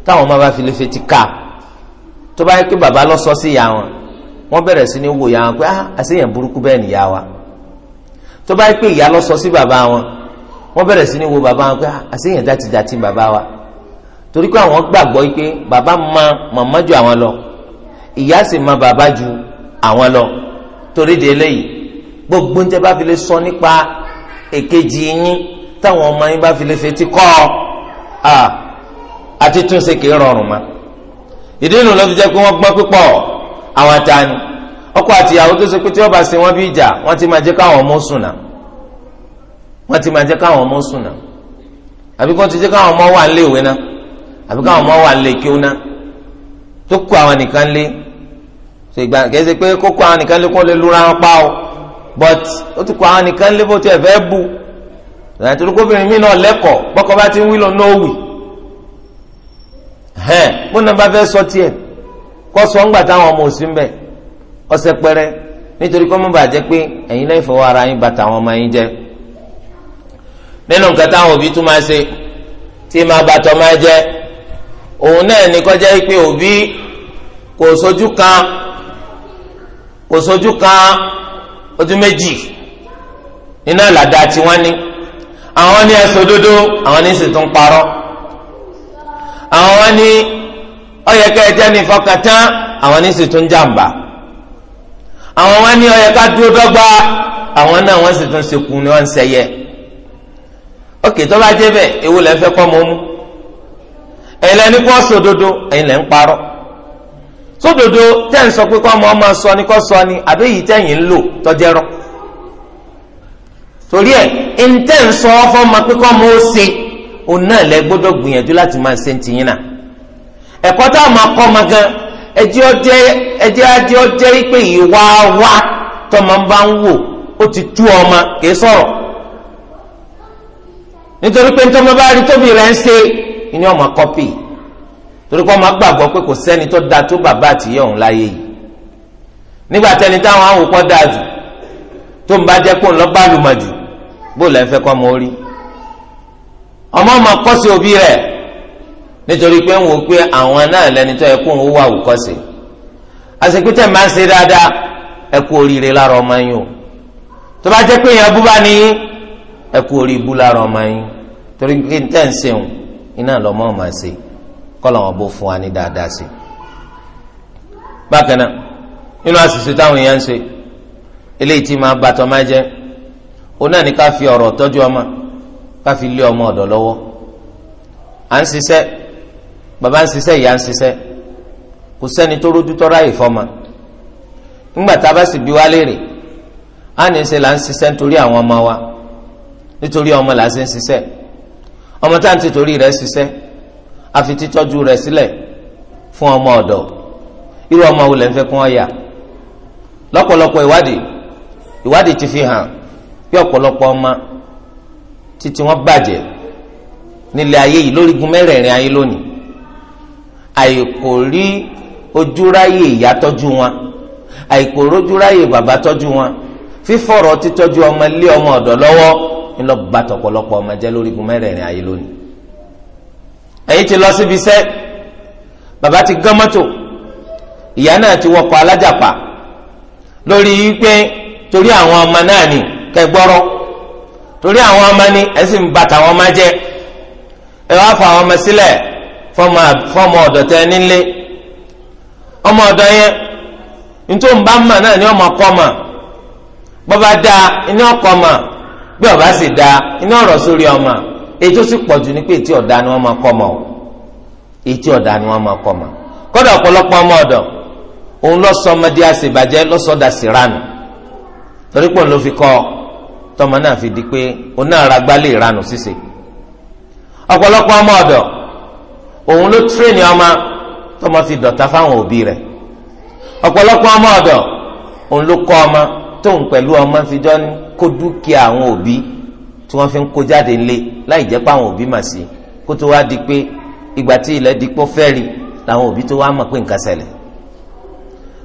táwọn ọmọ bá fi lè fetí ká tó bá yẹ kí bàbá lọ sọ sí ìyá wọn wọ́n bẹ̀rẹ̀ sí ní wò ìyá wọn pé ah, àṣeyàn burúkú bẹ́ẹ̀ ni ìyá wa tó bá yẹ pé ìyá lọ sọ sí bàbá wọn wọ́n bẹ̀rẹ̀ sí ní wo bàbá wọn pé ah àṣeyàn dátidàti bàbá wa torí pé àwọn gbàgbọ́ pé bàbá ma màmá ju àwọn lọ ìyá sì ma bàbá ju àwọn lọ torí de eléyìí gbogbo ń tẹ́ bá fi lè sọ nípa èkejì yín táwọn ọmọ yín bá fi lè fetí kọ́ ọ àti túnṣe kì í rọrùn ma ìdí inú ló fi jẹ́ pé wọ́n gbọ́n púpọ̀ àwọn ta ni ọkọ àtìyàwó tó ṣe pé tí wọ́n bá ṣe wọ́n bí ìjà wọ́n ti máa jẹ́ káwọn ọmọ sùn náà wọ́n ti máa jẹ́ káwọn ọmọ sùn náà àbí kí wọ́n ti jẹ́ káwọn ọmọ wà nílé ìwé náà àbí káwọn ọmọ wà nílé kíó náà tó kó àwọn nìkan lé ṣègbà pé kókó àwọn nìkan lé kó lè lura wọn pa o but ó ti kọ àwọn nìkan lébò tí ẹ fẹ́ bu ìrìnàjò kóbìnrin mi náà lẹ́kọ̀ọ́ bọ́kọ bá ti ń wí lọ náà wì hẹ́n bó náà bá fẹ́ sọ tiẹ̀ kó sọ ń gbà táwọn ọmọ òsín bẹ̀ ọ̀sẹ̀ pẹ́rẹ́ nítorí kó mú bàjẹ́ pé ẹ̀yin lẹ́yìn fọwọ́ ara yín bàtà àwọn ọmọ yín jẹ́ nínú nǹkan táwọn òbí tún máa ṣe tí máa bàtọ̀ máa jẹ́ òun náà ní kọjá pé òbí kò sojú kan kò sojú kan ọdún méjì nínú àlàdà tí wọ́n ní àwọn ní ẹsẹ̀ òdodo àwọn ní sì tún parọ́ àwọn ní ọ̀yẹ̀kẹ́ ẹ̀jẹ̀ ní ìfọkàntán àwọn ní sì tún jàǹbá àwọn wọn ní ọ̀yẹ̀ká dúró dọ́gba àwọn náà wọ́n sì tún sekú ni wọ́n ń sẹ́yẹ ókè tó bá jẹ́ bẹ́ẹ̀ ewu lẹ́ fẹ́ kọ́ mọ́ mú ẹ̀yin lẹ́ ní kó sòdodo ẹ̀yin lẹ́ ń parọ́ sódodo tẹ́ n sọ pé kọ́ ọmọ ọmọ sọ ni kọ́ sọ ni àbí èyí tẹ́yìn ń lò tọ́jẹ́rọ́ torí ẹ̀ ń tẹ́ ń sọ pé kọ́ ọmọ ó ṣe òun náà lẹ gbọ́dọ̀ gbìyànjú láti máa ṣe tìyín náà ẹ̀kọ́ tá a máa kọ́ ọmọ gan ẹjẹ́ ọjẹ́ ẹjẹ́ ajẹ́ ọjẹ́ pé ìwà wa tọmọ bá ń wò ti tú torí kọ́ máa gbàgbọ́ pé kò sẹ́ni tó da tó bàbá àtìyẹ òun láyé yìí nígbà tẹni táwọn àwòkọ́ dáa jù tó ń bá jẹ́ pé òun lọ́ bá lùmọ̀ jù bó lẹ́ ń fẹ́ kọ́ mọ orí ọmọ ọmọ kọ́sí òbí rẹ̀ nítorí pé ń wo pé àwọn náà lẹni tó yẹ kó òun wà àwòkọ́sí àsìkò tẹ̀ máa ń ṣe dáadáa ẹ kú oríire lára ọmọ yín o tó bá jẹ́ pé èèyàn bú bá ní ẹ kú orí ibú lára ọmọ yín torí pé tẹ̀ ń ṣeun iná lọ́mọ ọmọ ṣe kọ́lọ́wọ́n bó fún wa ní dáadáa sí. bákan náà nínú àṣìṣe táwọn èèyàn ń ṣe eléyìí tí máa bá tọ́mọ jẹ́ òun náà ní ká fi ọ̀rọ̀ tọ́jú ọmọ ká fi lé ọmọ ọ̀dọ̀ lọ́wọ́ à ń ṣiṣẹ́ bàbá ń ṣiṣẹ́ ìyá ń ṣiṣẹ́ kò sẹ́ni tó rójú tọ́ra ńgbà tá a bá sì bí wa nítorí ọmọ là ń ṣiṣẹ́ ọmọ torí àfi títọ́jú rẹ̀ sílẹ̀ fún ọmọ ọ̀dọ̀ irú ọmọ wo lẹ́ ń fẹ́ kún ọ̀yà lọ́pọ̀lọpọ̀ ìwádìí ìwádìí ti fi hàn bí ọ̀pọ̀lọpọ̀ ọmọ títí wọ́n bàjẹ́ nílẹ̀ ayé yìí lórígun mẹ́rẹ̀ẹ̀rin ayé lónìí àìkò rí ojúráyè ìyá tọ́jú wọn àìkò rójúráyè bàbá tọ́jú wọn fífọ̀rọ̀ títọ́jú ọmọ ilé ọmọ ọ̀dọ̀ lọ́wọ́ ńlọ bàtọ̀pọ̀lọpọ̀ ọmọ jẹ́ lórígun mẹ́rẹ̀ẹ̀rin ayé lónìí ẹ̀yin ti lọ síbi iṣẹ́ bàbá ti gán mọ́tò ìyá náà ti wọkọ̀ alájàpá lórí pé torí àwọn ọmọ náà ni kẹgbọ́rọ́ torí àwọn ọmọ ni ẹ sì ń ba tàwọn ọmọ jẹ ẹ wá fa àwọn ọmọ sílẹ̀ fọmọ ọ̀dọ̀ tẹ nílé ọmọ ọ̀dọ̀ yẹn nítorí òun bá mà náà ni ọmọ mà dáa iná mà bí ọba sì dáa iná ọ̀rọ̀ sórí ètò sì pọ̀jù ní pé ètí ọ̀dà ni wọ́n máa kọ́ ọmọ o ètí ọ̀dà ni wọ́n máa kọ́ ọmọ kọ́dà ọ̀pọ̀lọpọ̀ ọmọ ọ̀dọ̀ òun lọ sọ ọmọdé àṣebàjẹ́ lọ́sọ̀dà sí ránù torí pé òun ló fi kọ́ tọmọ náà fi di pé òun náà ra gbálẹ̀ ìranù ṣíṣe ọ̀pọ̀lọpọ̀ ọmọ ọ̀dọ̀ òun ló tírèèni ọmọ tọmọ fi dọ̀tá fáwọn òbí rẹ̀ ọ̀pọ̀lọpọ̀ ọmọ ọ̀dọ̀ òun ló kọ́ ọmọ tóun pẹ̀lú ọmọ fijọ́ kó dúkìá àwọn òbí tí wọ́n fi ń kó jáde lé láì jẹ́ pé àwọn òbí mà sí kó tó wá di pé ìgbà tí ilẹ̀ di pọ́ fẹ́ẹ̀rì làwọn òbí tó wá mọ̀ pé nǹkan ṣẹlẹ̀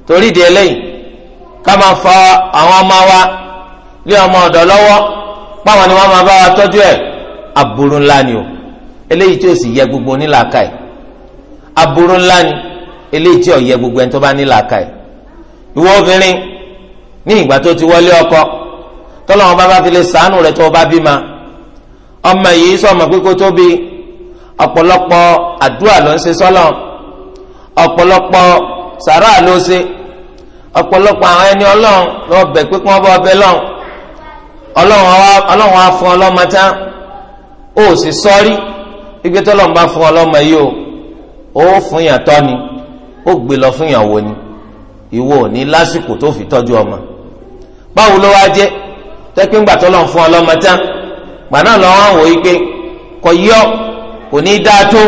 torí ìdí eléyìí ká máa fa àwọn ọmọ wa lé ọmọ ọ̀dọ̀ lọ́wọ́ páwọn ni wọ́n máa bá wa tọ́jú ẹ̀ aburú ńlá ni o eléyìí tí ó sì yẹ gbogbo onílàákà ẹ̀ aburú ńlá ni eléyìí tí ó yẹ gbogbo ẹni tó bá nílàákà ẹ̀ ìwọ obìnrin ní ìgbà tó ti wọlé ọkọ tọ́lọ́wọ́n bá bá fi lè sàánù rẹ̀ tó o bá bí ma ọmọ yìí sọ̀mọ̀ pé kó tó bí ọ̀pọ̀lọpọ̀ àdúrà ló ń ṣe sọ́lọ̀ ọ̀pọ̀lọpọ̀ sàrà ló ṣe ọ̀pọ̀lọpọ̀ àwọn ẹni ọlọ́run lọ bẹ̀ pé kí wọ́n bá ọbẹ̀ lọ́n ọlọ́run á fún ọlọ́mọ tán ó sì sọ́rí igbe tọ́lọ́run bá fún ọlọ́mọ yìí o ó fún yàn tọ́ ni ó gbé lọ fún yàn wò ni ìwọ ò ní lásìkò tó fi tọ́jú ọmọ báwo ló wá jẹ́ tẹ́kí ń gbà tó lọ́n fún ọ lọ́mọ tán gbà náà lọ́wọ́ wò yí pé kò yọ kò ní dá tó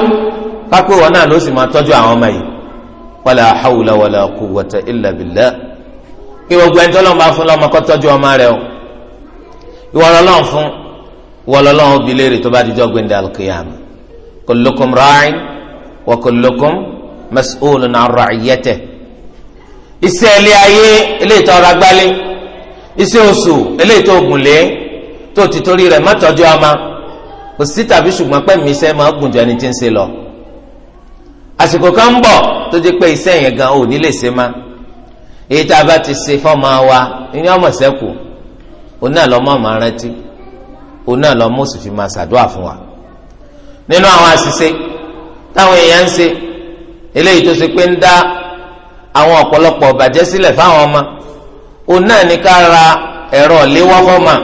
pápẹ́ wọn náà ló sì máa tọ́jú àwọn ọmọ yìí wala hawla wala quwwata illa billah kí gbogbo tó lọ́n bá fún lọ́mọ kó tọ́jú ọmọ rẹ o ìwọ lọ́n fún ìwọ lọ́n obì léèrè tó bá dijọ́ gbẹ̀ndẹ̀ alqiyama kullukum ra'in wa kullukum mas'ulun 'an ra'iyyatihi iṣẹ́ ilé ayé ilé ìtọ́ra gbálẹ́ iṣẹ́ osu, eléyìí tó gùn lé tó ti torí rẹ̀ má tọ́jú ọmọ kò sí tàbí ṣùgbọ́n pẹ́ mi iṣẹ́ máa gùn ju ẹni tí ń ṣe lọ àsìkò kan ń bọ̀ tó jẹ́ pé iṣẹ́ yẹn gan ò lè ṣe má èyí tá a bá ti ṣe fọ́ọ̀mù wa ní ọmọ ṣẹ́kù òun náà lọ́mọ máa rántí òun náà lọ́mọ sì fi máa ṣàdúrà fún wa nínú àwọn àṣìṣe táwọn èèyàn ń ṣe eléyìí tó ṣe pé ń dá àwọn ọ̀pọ̀lọpọ̀ ọ̀bàjẹ́ sílẹ̀ fáwọn ọmọ òun náà ní ká ra ẹ̀rọ léwá fọ́mà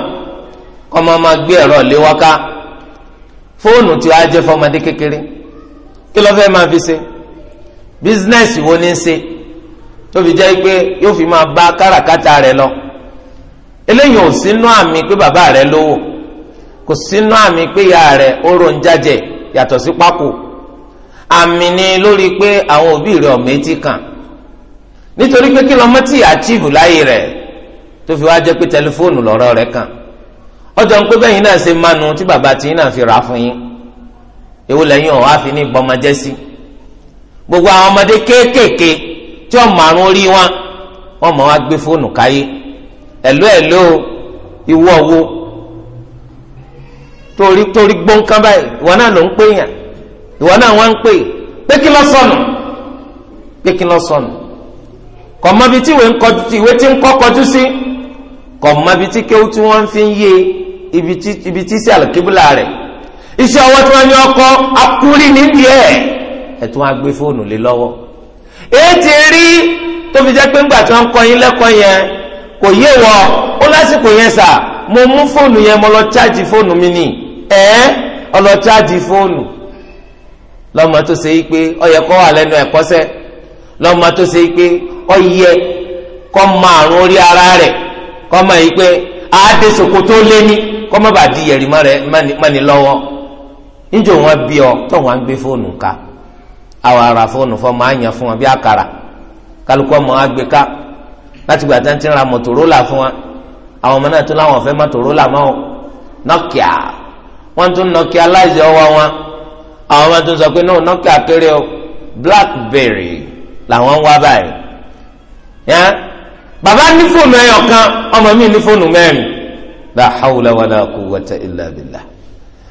kọ́mọ máa gbé ẹ̀rọ léwá ká fóònù tí wàá jẹ́ fọ́mọdé kékeré kí ló fẹ́ máa fi ṣe bísínẹ́sì wo ni í ṣe tó fi jẹ́ pé yóò fi máa bá káràkátà rẹ̀ lọ eléyìí ò sínú àmì pé bàbá rẹ̀ lówó kò sínú àmì pé ìyá rẹ̀ ó ron jájẹ yàtọ̀ sí pákó àmì ni lórí pé àwọn òbí rẹ̀ ọ̀mẹ́tì kàn nítorí pé kí lọ́mọ tí àchíìfù láyé rẹ̀ tó fi wá jẹ́ pé tẹlifóònù lọ́rọ̀ rẹ̀ kàn ọjọ́ ń bẹ́yìn náà ṣe mánu tí bàbá náà fi rà fún yín èwo lẹ́yìn ọ̀ wá fi ní sí gbogbo àwọn ọmọdé kéékèèké tí wọ́n márùn orí wọn wọ́n mọ̀ wá gbé fóònù káyé torí torí gbóǹkan báyìí ìwọ náà ló ń pè yàn ìwọ náà wọ́n kò mọ ibi tí ìwé ti ń kọ́ kọjú sí kò mọ ibi tí kéwú tí wọ́n fi ń yé ibi tí sí àlùkíbùlà rẹ̀ iṣẹ́ ọwọ́ tí wọ́n ní ọkọ́ akúrí nídìí ẹ̀ ẹ̀ tún fóònù lé lọ́wọ́ èyí ti rí tó jẹ́ pé ńgbà tí wọ́n ń kọ́ yín lẹ́kọ̀ọ́ yẹn kò yé wọ ó lásìkò yẹn sà mo mú ọyẹ kọ́ máa rún orí ara rẹ̀ kọ́ máa yí pé àádẹ́sọ̀kò tó lé ní kọ́ bàa di yẹ̀rì mọ́ni lọ́wọ́ níjọ́ wọn ọ tó wọn gbé fóònù ká àwọn ará fóònù fọmọ àyàn fún wọn bí àkàrà kálukú ọmọ wa ká láti gbà tán ti ra fún wa àwọn ọmọ náà láwọn tún láìsí wọn àwọn ọmọ sọ pé yẹn baba ní fóònù ẹyọ ọkan ọmọ mi ní fóònù mẹ́rin la hawla wala wata illa billah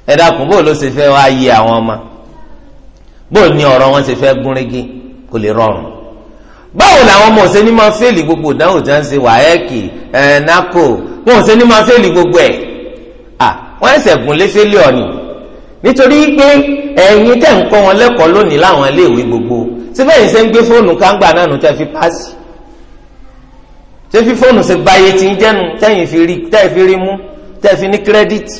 ẹ dákun bó ló ṣe fẹ́ wá yí àwọn ọmọ bó ní ọ̀rọ̀ wọn ṣe fẹ́ gúnrégé kò rọrùn báwo làwọn ọmọ máa gbogbo ìdánwò tí wọ́n ṣe wáyẹ́kì ẹ̀ nákò wọn gbogbo ẹ̀ à wọ́n ẹ̀sẹ̀ gùn nítorí pé ẹ̀yin tẹ̀ ń ṣé fi fóònù ṣe gba iye tí ń jẹ́nu tẹ́yìn fi rí tẹ́yìn fi rí mú tẹ́yìn fi ní kírẹ́dìtì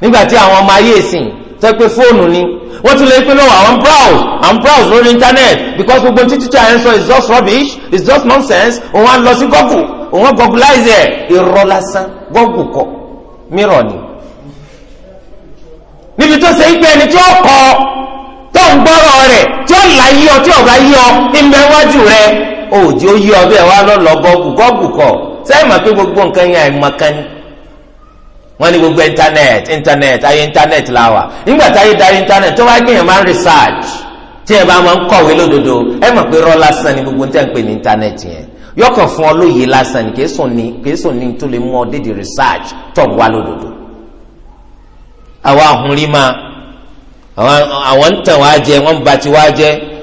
nígbà tí àwọn ọmọ ayé ìsìn tẹ́ pé fóònù ni wọ́n tún lè pé lọ́wọ́ àwọn browse àwọn browse lórí internet because gbogbo títí tí à ń sọ it's just rubbish it's just nonsense òun á lọ sí Google òun á Googleize ẹ̀ irọ́ lásán Google kọ mìíràn ni. níbi tó ṣe ipe ẹni tí ó kọ tó ń gbọ́rọ̀ rẹ̀ tí ó là yí ọ tí ọ̀gá yí ọ ń bẹ rẹ̀ o ó yí ọbẹ̀ wa lọ́lọ́ gọ́gù gọ́gù kọ̀ sẹ́yìn mọ̀ pé gbogbo nǹkan yẹn àìmọ̀kan ni wọ́n ní gbogbo internet internet ayé internet la wà nígbà táyé da internet tó wá gbìyànjú máa ń research tí ẹ bá máa ń kọ̀wé lódodo ẹ mọ̀ pé lásán ni gbogbo tẹ́ pè yẹn yọkàn fún ọ lóye lásán ni kìí sùn ní kìí sùn ní tó lè mú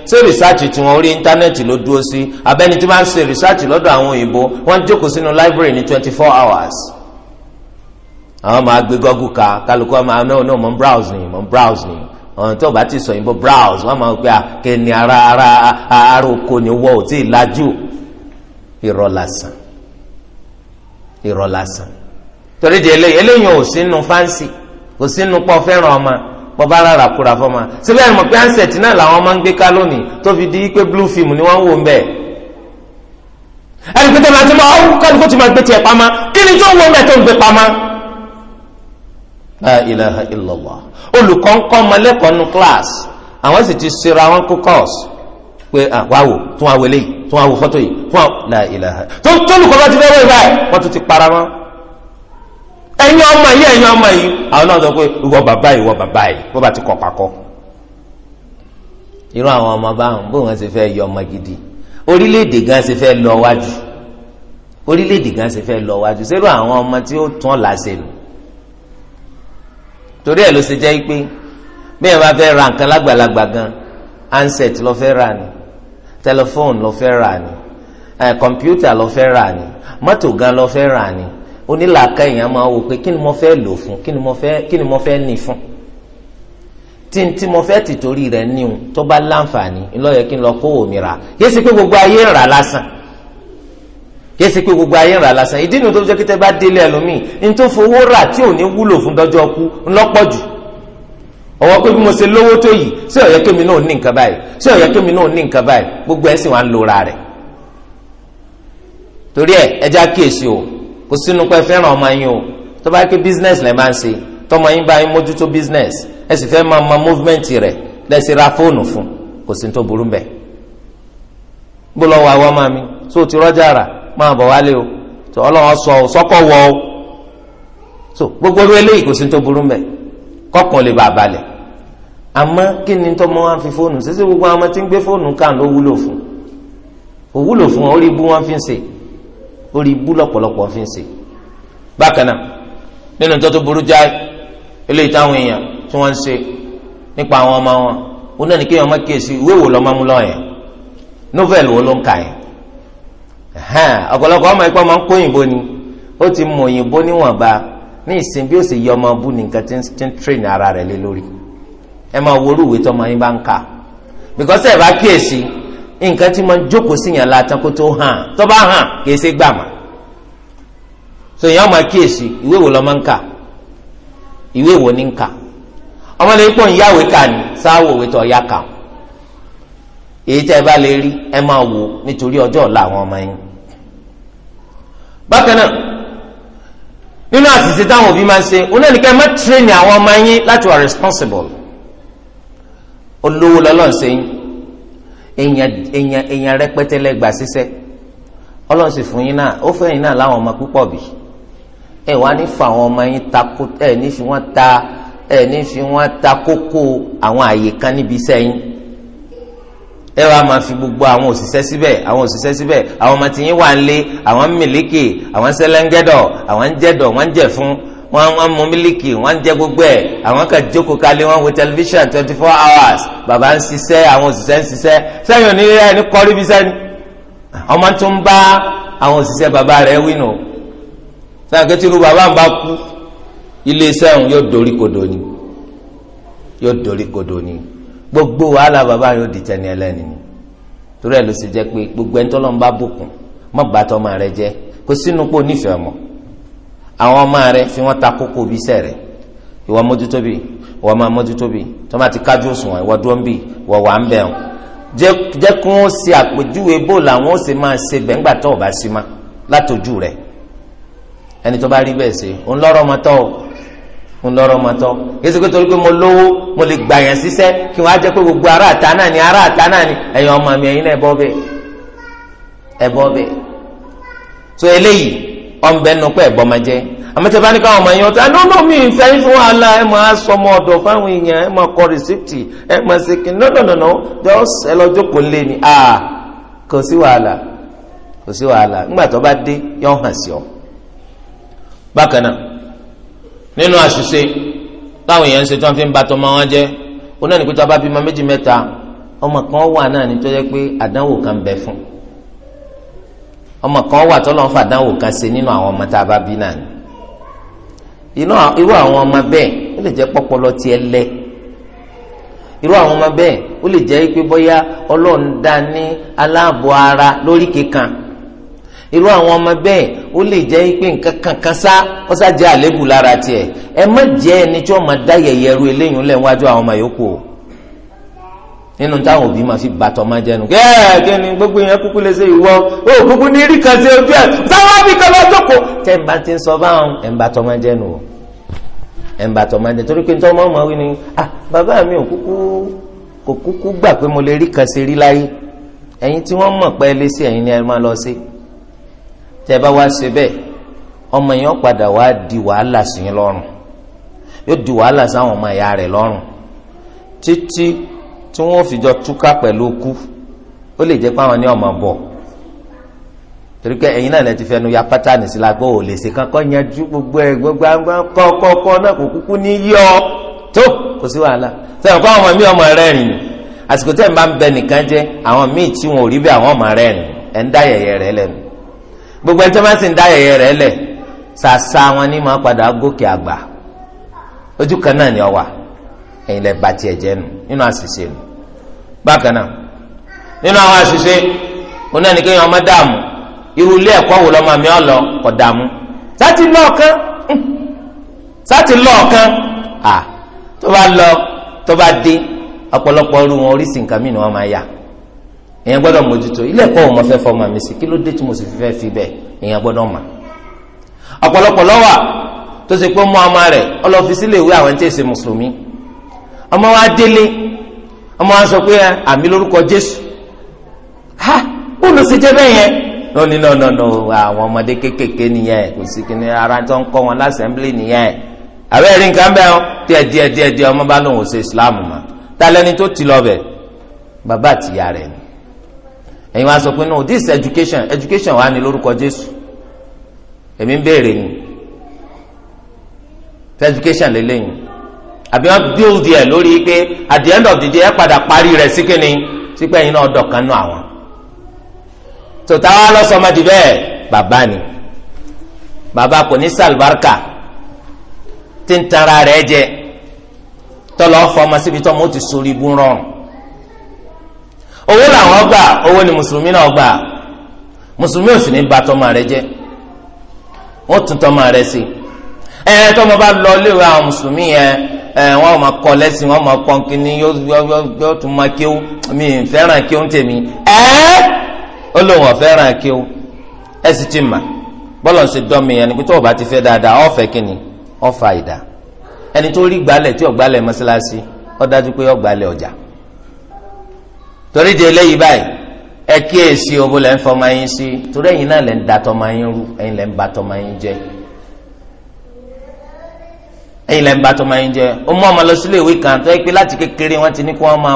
ṣé rìsáàcì tí wọ́n rí íńtánẹ́ẹ̀tì ló dúró sí abẹ́ni tí wọ́n ń ṣe rìsáàcì lọ́dọ̀ àwọn òyìnbó wọ́n jókòó sínú library ní twenty four hours àwọn máa gbé gọ́gù ka kálukú máa náà náà mọ̀ ń browse ni mọ̀ ń browse ni ọ̀n tó bá ti sọ òyìnbó browse wọ́n máa gbé akéènì ara ara ara oko ni wọ́ọ̀ tí ì lajú irọ́ lásán irọ́ lásán torí di eléyìí eléyìí ò sínú fáǹsì kò sínú pọ̀ fẹ́ràn ọmọ bọba rárá kúra fọmọ síbẹ̀ ẹ̀ mọ̀ pé ansẹ̀tì náà làwọn máa ń gbé ká lónìí tó fi di pé blue film ni wọ́n ń wò ń bẹ̀. ẹni pété máa ti máa ọ́ kálukú ti máa gbé tiẹ̀ pamọ́ kí ni tó ń wọ́n bẹ̀ tó ń gbé pamọ́. la ilaha illallah olùkọ́ ń kọ́ ọmọlẹ́kọ̀ọ́ nu class àwọn sì ti ṣera wọn kó course pé wá wò tún àwòlé yìí tún àwò fọ́tò yìí tún àwò la ilaha tó tó olùkọ́ bá ti fẹ́ wọ ẹ̀yin ọmọ yìí ẹ̀yin ọmọ yìí àwọn náà sọ pé ìwọ bàbá ìwọ bàbá yìí wọ́n bá ti kọ́ pakọ́ irú àwọn ọmọ báwọn bó wọn ṣe fẹ́ yọ ọmọ gidi orílẹ̀-èdè gan ṣe fẹ́ lọ wájú orílẹ̀-èdè gan ṣe fẹ́ lọ wájú sẹ́rù àwọn ọmọ tí ó tán láṣẹ nù torí ẹ̀ ló ṣe jẹ́ pé bẹ́ẹ̀ bá fẹ́ ra nǹkan lágbàlagbà gan handset ló fẹ́ rà ni tẹlifóònù ló fẹ́ rà ni kọ̀mpútà eh, ló fẹ́ rà ni mọ́tò gan ló fẹ́ rà ni onílàákà èèyàn máa wò pé kí ni mo fẹ́ lò fún kí ni mo fẹ́ kí ni mo fẹ́ ní fún tí n tí mo fẹ́ tìtorí rẹ̀ níhun tó bá láǹfààní ńlọ́yẹ̀ kí n lọ kówó mi rà yé sí pé gbogbo ayé ń rà lásán yé sí pé gbogbo ayé ń rà lásán ìdí nu tó jẹ́ kí tẹ́ bá délé ẹlòmíì n tó fowó rà tí ò ní wúlò fún dọ́jọ́ kú ńlọ́pọ̀ jù ọwọ́ pé bí mo ṣe lówó tó yìí ṣé ó yẹ kémi náà ní nǹkan báyìí ṣé ó yẹ kémi náà ní nǹkan báyìí gbogbo ẹ̀ sì wá ń lora rẹ̀ torí ẹ̀ ẹja kíyèsí o kò sínú pé fẹ́ràn ọmọ yín o tó bá ké business lẹ́ máa ń ṣe tọmọ yín bá yín mójútó business ẹ sì fẹ́ máa ma movement rẹ̀ lẹ́sẹ̀ ra fóònù fún kò sí tó burú bẹ́ẹ̀. bó lọ́wọ́ àwọn ọmọ mi tó ti rọ́jà rà máa bọ̀ wálé o tó ọlọ́wọ́ sọ ọ sọ́kọ̀ wọ o tó gbogbo orí eléyìí kò sí tó burú bẹ́ẹ̀ kọ́kàn lè bá balẹ̀ àmọ́ kí ni tọmọ wa fi fóònù ṣé gbogbo àwọn ọmọ tí ń gbé fóònù kàn wúlò fún òwúlò fún ọ orí ibú wọn fi ń ṣe orí ibú lọ́pọ̀lọpọ̀ fi ń ṣe bákan náà nínú tó tó burú jáì eléyìí táwọn èèyàn tí wọ́n ń ṣe nípa àwọn ọmọ wọn wọn náà ní kéèyàn má kíyèsí ìwé wò lọ́mọ mú lọ́yẹ̀ novel wo ló ń kà yẹn ọ̀pọ̀lọpọ̀ ọmọ ẹ̀kọ́ máa ń kó òyìnbó ni ó ti mọ òyìnbó níwọ̀nba ní ìsìn bí ó sì yẹ ọmọ bú ni nǹkan tí ń train ara rẹ̀ lé lórí ẹ máa wo orú tó ọmọ yín bá ń kà because ẹ bá kíyèsí nǹkan tí máa ń jókòó sí yàn látàn kó tó hàn tó bá hàn kìí ṣe gbàmà so èèyàn máa kíyèsí ìwé wo lọ nkà, ìwé wo ní ń ọmọlẹ́yìn pọ̀ ní sáwọ́ òwe tó ọ̀yá kà èyí tẹ́ ẹ bá lè rí ẹ máa wò nítorí ọjọ́ ọ̀la àwọn ọmọ yín bákan náà nínú àṣìṣe táwọn òbí máa ń ṣe oní ẹnìkan ẹ má àwọn ọmọ responsible olówó èèyàn èèyàn èèyàn rẹpẹtẹ lẹgbà síṣẹ́ Ọlọ́run sì fún yín náà ó fẹ́ yín náà láwọn ọmọ púpọ̀ bì ẹ wá ní fa àwọn ọmọ yín takò ẹ ní fi wọn ta ẹ ní fi wọn ta kókó àwọn àyè kan níbi iṣẹ́ yín ẹ wá máa fi gbogbo àwọn òṣìṣẹ́ síbẹ̀ àwọn òṣìṣẹ́ síbẹ̀ àwọn ọmọ tí yín wà ń lé àwọn mílíkì àwọn sẹlẹńgẹdọ àwọn jẹdọ wọn jẹ fún wọ́n wọ́n mu mílíkì wọ́n ń jẹ gbogbo ẹ̀ àwọn kan jókòó kalẹ̀ wọ́n wo tẹlifíṣàn twenty four hours bàbá ń ṣiṣẹ́ àwọn òṣìṣẹ́ ń ṣiṣẹ́ sẹ́yìn onílé ẹni kọrí bí sẹ́ni ọmọ tó ń bá àwọn òṣìṣẹ́ bàbá rẹ̀ wí nù sẹ́yìn kẹ́tìrú bàbá ń bá kú ilé sẹ́yìn yóò dorí kodò ni yóò dorí kodò ni gbogbo wàhálà bàbá yóò di tẹni ẹlẹ́ni ni torí ẹ̀ ló ṣe jẹ́ pé gbogbo ẹni tọ́lọ́ ń bá bùkún mọ́ bàtọ́ ọmọ rẹ̀ jẹ́ kó sínú pò nífẹ̀ẹ́ mọ́ àwọn ọmọ rẹ fi wọn ta kókó bí sẹ rẹ ìwọ mójútó bí ìwọ máa mójútó bí tó máa ti kájú òṣùwọ̀n ìwọ dúró ń bì ìwọ wà ń bẹ̀ ọ́n jẹ́ kí ṣe àpèjúwe bó làwọn ó sì máa ṣe bẹ́ẹ̀ ńgbà tó o bá sí ma látòjú rẹ̀ ẹni tó bá rí bẹ́ẹ̀ ṣe òun lọ́rọ̀ ọmọ tọ́ òun lọ́rọ̀ ọmọ tọ́ yéésù pé torí pé mo lówó mo lè gbà yẹn síṣẹ́ kí wọ́n á jẹ́ pé gbogbo ará àta náà ni ará àta náà ni ẹ̀yin ọmọ mi ẹ̀yin náà ẹ̀ bọ́ bẹ́ẹ̀ ẹ̀ bọ́ bẹ́ẹ̀ so eléyìí ọ̀nbẹ nù pé ẹ̀gbọ́n máa jẹ́ àmọ́tẹ́fà ní káwọn ọmọ yẹn ọ̀tá ah, no no mi ìfẹ́ fún wàhálà ẹ̀ máa sọ ọmọ ọ̀dọ̀ fáwọn èèyàn ẹ̀ máa kọ rìsíptì ẹ̀ máa ṣe kí no no no no just ẹ lọ lé ni ah kò sí wàhálà kò sí wàhálà nígbà tó bá dé yọ hàn sí ọ. bákan náà nínú àṣìṣe táwọn èèyàn ń ṣe tí wọ́n fi ń ba tọmọ wọn jẹ́ onáà ní pé tó bá bímọ méjì mẹ́ta ọmọ kan wà náà ní pé àdánwò kan bẹ fún un ọmọ kan wà tọ́lọ́ ń fàdánwò kan ṣe nínú àwọn ọmọ tá a bá bí náà ni irú àwọn ọmọ bẹ́ẹ̀ ó lè jẹ́ pọ́pọ́lọ́ tiẹ̀ lẹ́ irú àwọn ọmọ bẹ́ẹ̀ ó lè jẹ́ pé bóyá ọlọ́run dá ní aláàbọ̀ ara lórí kíkan irú àwọn ọmọ bẹ́ẹ̀ ó lè jẹ́ pé nǹkan kankan sá ó sá jẹ́ àlébù lára tiẹ̀ ẹ má jẹ́ ẹni tí wọ́n máa dá yẹ̀yẹ́ ru eléyìí ńlẹ̀ wájú àwọn ọmọ yòókù o nínú táwọn òbí máa fi bàtọ máa jẹnu kí ẹ kí ni gbogbo yẹn kúkú lè ṣe ìwọ ó kúkú ní rí kan sí ojú ẹ táwọn bí kan lọ jókòó tẹ n bá ti sọ báwọn ẹ ń bàtọ máa jẹnu o ẹ ń bàtọ máa jẹnu torí pé nítorí wọn wí ni ah bàbá mi ò kúkú kò kúkú gbà pé mo lè rí kan sí rí láyé ẹ̀yin tí wọn mọ̀ pé ẹ lè ṣe ẹ̀yin ni ẹ máa lọ sí tẹ bá wá ṣe bẹ́ẹ̀ ọmọ yẹn padà wá di wàhálà sí tí wọ́n fi jọ túká pẹ̀lú kú ó lè jẹ́ pé àwọn ní ọmọ bọ̀ torí pé ẹ̀yin náà lè ti fẹnu ya pátánì sí lágbó ò lè ṣe kankan yanjú gbogbo ẹ̀ gbogbo àgbà kọ́kọ́kọ́ náà kò kúkú ní yọ tó kò sí wàhálà sẹ́yìn kó àwọn míì ọmọ rẹ̀ rìn àsìkò tẹ́ ń bá ń bẹ nìkan jẹ́ àwọn míì tí wọn ò rí bí àwọn ọmọ rẹ̀ rìn ẹ̀ ń dá yẹ̀yẹ̀ rẹ̀ lẹ́nu gbogbo ẹ̀ tó máa ń sì ń dá yẹ̀yẹ̀ rẹ̀ lẹ̀ ṣàṣà wọn ní máa padà gòkè àgbà ojú kan náà ni ọwà ẹ̀yin lẹ bàtì ẹ̀jẹ̀ nù nínú àṣìṣe nù bákan náà nínú àwọn àṣìṣe oní ẹni kéèyàn ọmọ dààmú irú ilé ẹ̀kọ́ wò lọ́mọ mi ọ̀lọ́ kọ̀ dààmú sátì lọ́ọ̀kan sátì lọ́ọ̀kan à tó bá lọ tó bá dé ọ̀pọ̀lọpọ̀ ọrùn wọn oríṣi nǹkan mìíràn wọn máa yà èèyàn gbọ́dọ̀ mójútó ilé ẹ̀kọ́ òun fẹ́ fọ́ ọmọ mi sí kí ló dé tí mo sì fẹ́ fi bẹ́ẹ̀ èèyàn gbọ́dọ̀ mà ọ̀pọ̀lọpọ̀ lọ́wà tó ṣe pé mú ọmọ rẹ̀ ọlọ́fi sílé ìwé àwọn tí ì mùsùlùmí ọmọ wa délé ọmọ wa sọ pé àmì lórúkọ jésù ha ó lọ sí jẹ́ bẹ́ẹ̀ yẹn no ni no no no àwọn ọmọdé kékèké nìyẹn kò sí kíni ara tó ń kọ́ wọn lásẹ̀mblì nìyẹn àbẹ́ rí nǹkan bẹ́ẹ̀ ọ́ díẹ̀ díẹ̀ díẹ̀ díẹ̀ ọmọ bá lòun ò ṣe islam mọ́ talẹ́ni tó ti lọ bẹ̀ bàbá àtìyá rẹ̀ ni ẹ̀yin wá sọ pé no this education education wà ní lórúkọ jésù èmi ń béèrè ni education lélẹ́yìn àbí wọn build yẹ lórí pé at the end of the day ẹ padà parí rẹ̀ sí kíni sípẹ́ yín náà dọ̀kan nù àwọn. tòtá wa lọ́sọ̀mọdì bẹ́ẹ̀ bàbá ni bàbá kò ní sàlùbáríkà tí ń tara rẹ̀ jẹ tọ́lọ̀ ọ̀fọ̀ síbi tọ́mọ ó ti sori ibú rọrùn. owó làwọn gbà owó ni mùsùlùmí náà gbà mùsùlùmí ò sì ní bà tọ́mọ rẹ̀ jẹ́ wọ́n tún tọ́mọ rẹ̀ sí i ẹ tó mo bá lọ léwu àwọn mùsùlùmí yẹn ẹ wọn máa kọ lẹ́sìn wọn máa kọ kínní yóò tún máa kéwú mi fẹ́ràn kéwú tèmi ẹ ó lóun ọ̀fẹ́ràn kéwú ẹ sì ti mà bọ́lọ̀ ń ṣe yẹn tó o bá ti fẹ́ dáadáa ọ̀fẹ́ ẹni tó rí tí ọjà torí di eléyìí báyìí ẹ kíyèsí lẹ́ ń fọmọ sí torí ẹ̀yin náà lẹ́ ń rú ẹ̀yin lẹ́ ń ẹ̀yin lẹ́nu bá ma máa ń jẹ ó mú ọmọ lọ sílé ìwé kan tó yẹ pé láti kékeré wọn ti ní kí wọ́n máa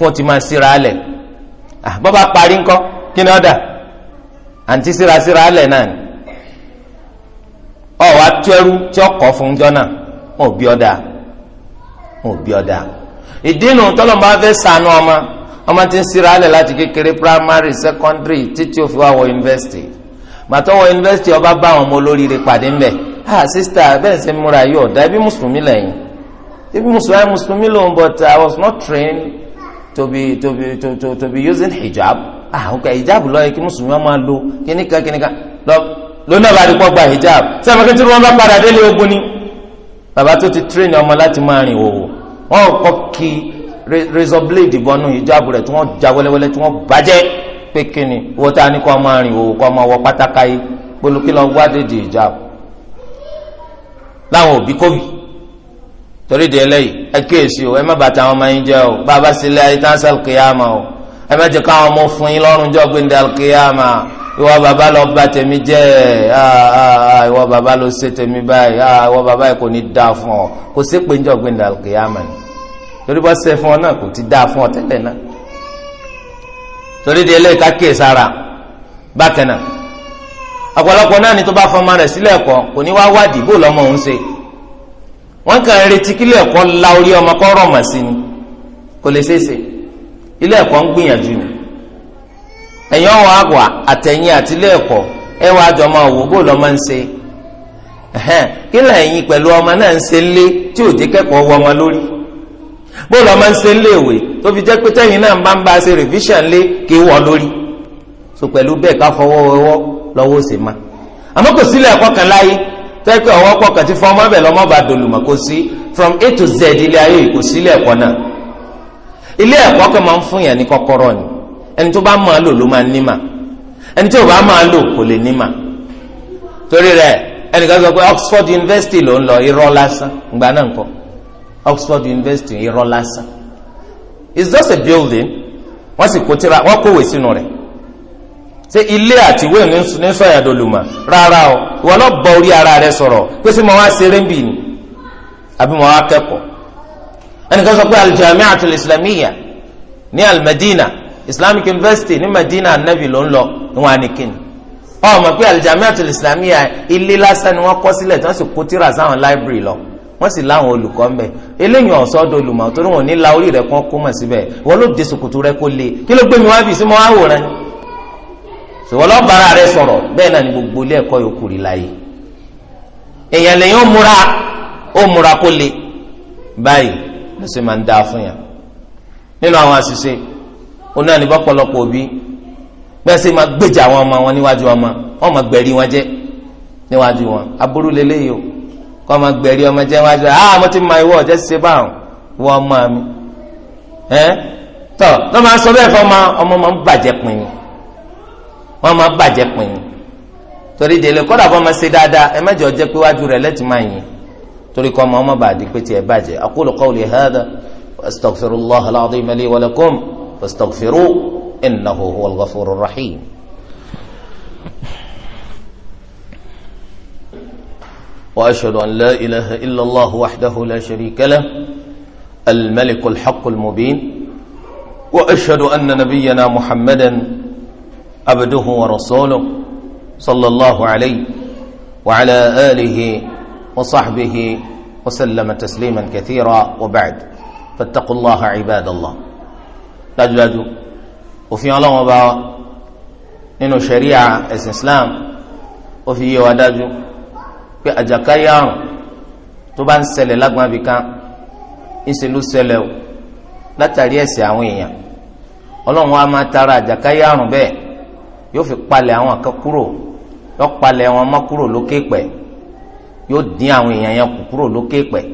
wọ ti máa síra alẹ bọ́ba parí ńkọ́ kí ni ọ̀dà àǹtí síra síra alẹ náà ni ọ̀wá tẹ́rú tí ó fún jọ́nà wọn ò bí wọn ò bí ìdínú sànú ọba bá àwọn ọmọ ha sista bẹ́ẹ̀ ṣe múra yìí ọ̀dà ibi mùsùlùmí lẹ́yìn ibi mùsùlùmí mùsùlùmí lòun but I was not trained to be to be to to to be using hijab ah ok hijab ló yẹ kí mùsùlùmí máa lo kíníkan kíníkan lọ lónà bá dìpọ̀ gba hijab sẹ́mi kí tí wọ́n bá padà délé ogun ni bàbá tó ti train ọmọ láti máa rìn òwò wọn kọ́ kí razor blade bọ́nú hijab rẹ̀ tí wọ́n já wẹ́lẹ́wẹ́lẹ́ tí wọ́n bàjẹ́ pé kíni wọ́n ta ni kọ́ máa rìn òwò kọ́ máa wọ pátákà yìí polókè lọ wá dédé hijab láwọn òbí kóbi torí de eléyìí ẹ kíyèsí o ẹ má bàtà àwọn ọmọ yín jẹ́ o bàbá sílẹ̀ ayé tán sẹ́l kìyàmà o ẹ má jẹ́ káwọn ọmọ fún yín lọ́rùn jọ gbẹ̀ndẹ̀ kìyàmà ìwọ bàbá lọ bà tèmi jẹ́ ìwọ bàbá lọ ṣe tèmi báyìí ìwọ bàbá yìí kò ní dáa fún ọ kò sí pé njọ gbẹ̀ndẹ̀ kìyàmà ni torí bá ṣe fún ọ náà kò ti dáa fún ọ tẹ́lẹ̀ náà torí de eléyìí ká kíyèsára bákan náà ọ̀pọ̀lọpọ̀ náà ni tó bá fọmọ rẹ̀ sílẹ̀ ẹ̀kọ́ kò ní wá wádìí bó lọ́mọ òun ṣe wọ́n kàn ń retí kílé ẹ̀kọ́ la orí ọmọ kọ́ rọ̀ mà sí ni kò lè ṣeéṣe ilé ẹ̀kọ́ ń gbìyànjú ni ẹ̀yàn wọn àgbà àtẹ̀yìn àti ilé ẹ̀kọ́ ẹ wàá jọ máa wò bó lọ́mọ ń ṣe kí lẹ́yìn pẹ̀lú ọmọ náà ń ṣe lé tí ò jẹ́ kẹ́kọ̀ọ́ wọ ọmọ lórí bó lọ́mọ ń ṣe léèwé tó fi jẹ́ pé tẹ́yìn náà ń bá ń ba ṣe revision lé kí wọ́ lórí so pẹ̀lú bẹ́ẹ̀ ká fọwọ́ wọ́wọ́ lọ́wọ́ ó sì àmọ́ kò sílẹ̀ ẹ̀kọ́ kan láyé tẹ́ pé ọwọ́ pọ̀ fún ọmọ bẹ̀ lọ́mọ bá dolùmọ̀ kò sí from a to z ilé ayé kò sílẹ̀ ẹ̀kọ́ náà ilé ẹ̀kọ́ kan máa ń fún ní kọ́kọ́rọ́ ni ẹni tó bá máa lò ló máa ní ẹni tó bá máa Oxford University lọ irọ́ lásán náà Oxford University irọ́ lásán it's just a building wọ́n sì kó tíra wọ́n Se ilé àtiwé ní sọ̀yàdọ̀lùmọ̀ rárá o ìwọ náà bọ orí ara rẹ sọ̀rọ̀ pé sí mo wá ṣeré ń bì ní àbí mo wá kẹ́kọ̀ọ́ ẹnìkan sọ pé aljamiatul islamiyya ní almadina islamic university ní madina anabi ló ń lọ níwọ̀n anìkíni ọmọ pé aljamiatul islamiyya ilé lásán ni wọ́n kọ́ sílẹ̀ tí wọ́n sì kó tíra sáwọn library lọ wọ́n sì láwọn olùkọ́ ń bẹ̀ eléyìí ọ̀sọ́dọ̀ olùmọ̀ torí wọn ò ní la orí rẹ̀ kán kó mọ̀ síbẹ̀ wọ́n ló de sòkòtò rẹ̀ kó le kí ló gbé mi wá bì sí mo wá wòran ni sọ̀wọ́n lọ́bàárà rẹ sọ̀rọ̀ bẹ́ẹ̀ náà ni gbogbo ilé ẹ̀kọ́ yòókù rí láyé èèyàn lè yóò múra ó múra kó le báyìí ló sì máa ń dáa fún yàn nínú àwọn àṣìṣe òun náà ní bọ́pọ̀lọpọ̀ òbí bẹ́ẹ̀ sì máa gbèjà àwọn ọmọ wọn níwájú ọmọ wọn máa gbẹ̀rí wọn jẹ́ níwájú wọn aburú lélẹ́yìí o kọ́ máa gbẹ̀rí ọmọ jẹ́ wájú ah mo ti ma ìwọ ọ̀jẹ́ ṣe báwọn wọ́n máa mi ẹ́ tọ́ lọ́ máa sọ bẹ́ẹ̀ fọ́ ọmọ ọmọ máa ń bàjẹ́ pinni wọ́n máa bàjẹ́ pin ni torí délé kọ́dà bọ́ máa ṣe dáadáa ẹ má jẹ́ ọjẹ́ pé wájú rẹ̀ lẹ́tì máa yìn torí kọ́ ọmọ ọmọ bàdí pé tiẹ̀ bàjẹ́ aqulu qawli hadha astaghfirullah al-azim li wa lakum fastaghfiru innahu huwal ghafurur rahim. واشهد ان لا اله الا الله وحده لا شريك له الملك الحق المبين واشهد ان نبينا محمدا عبده ورسوله صلى الله عليه وعلى آله وصحبه وسلم تسليما كثيرا وبعد فاتقوا الله عباد الله dájúdájú òfin ọlọ́wọ́n bá nínú ṣẹ̀ríà ẹ̀sìn islam ó fi yé wa dájú pé àjàkáyé àrùn tó bá ń ṣẹlẹ̀ lágbọ́n abìkan ńṣe ló ṣẹlẹ̀ o látàrí ẹ̀ṣẹ̀ àwọn èèyàn ọlọ́run wa máa tara àjàkáyé àrùn bẹ́ẹ̀ yóò fi palẹ̀ àwọn kan kúrò yóò palẹ̀ wọn mọ́ kúrò lókè pẹ̀ yóò dín àwọn èèyàn yẹn kù kúrò lókè pẹ̀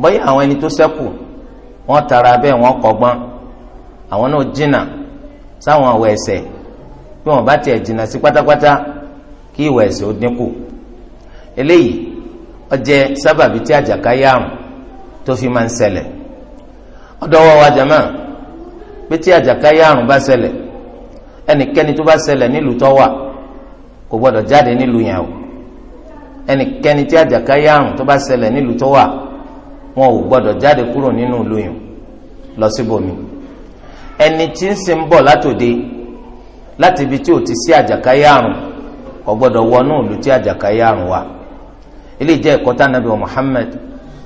bóyá àwọn ẹni tó ṣẹ́kù wọ́n tara bẹ́ẹ̀ wọ́n kọ́gbọ́n àwọn náà jìnnà sáwọn àwọ̀ ẹ̀ṣẹ̀ bí wọ́n bá tiẹ̀ jìnnà sí pátápátá kí ìwà ẹ̀ṣẹ̀ ó dínkù eléyìí ó sábàbí tí àjàkáyé àrùn tó fi máa ń ṣẹlẹ̀ ọ̀dọ̀ wọ́n wa jàmáà pé tí àjàkáyé àrùn bá ṣẹlẹ̀ ẹnikẹ́ni tó bá ṣẹlẹ̀ nílùú tó wà kò gbọ́dọ̀ jáde nílùú yẹn o ẹnikẹ́ni tí àjàkáyé àrùn tó bá ṣẹlẹ̀ nílùú tó wà wọn ò gbọ́dọ̀ jáde kúrò nínú ìlú yẹn lọ síbòmí ẹni tí ń sin bọ̀ látòde láti ibi tí ò ti sí àjàkáyé àrùn kò gbọ́dọ̀ wọnú ìlú tí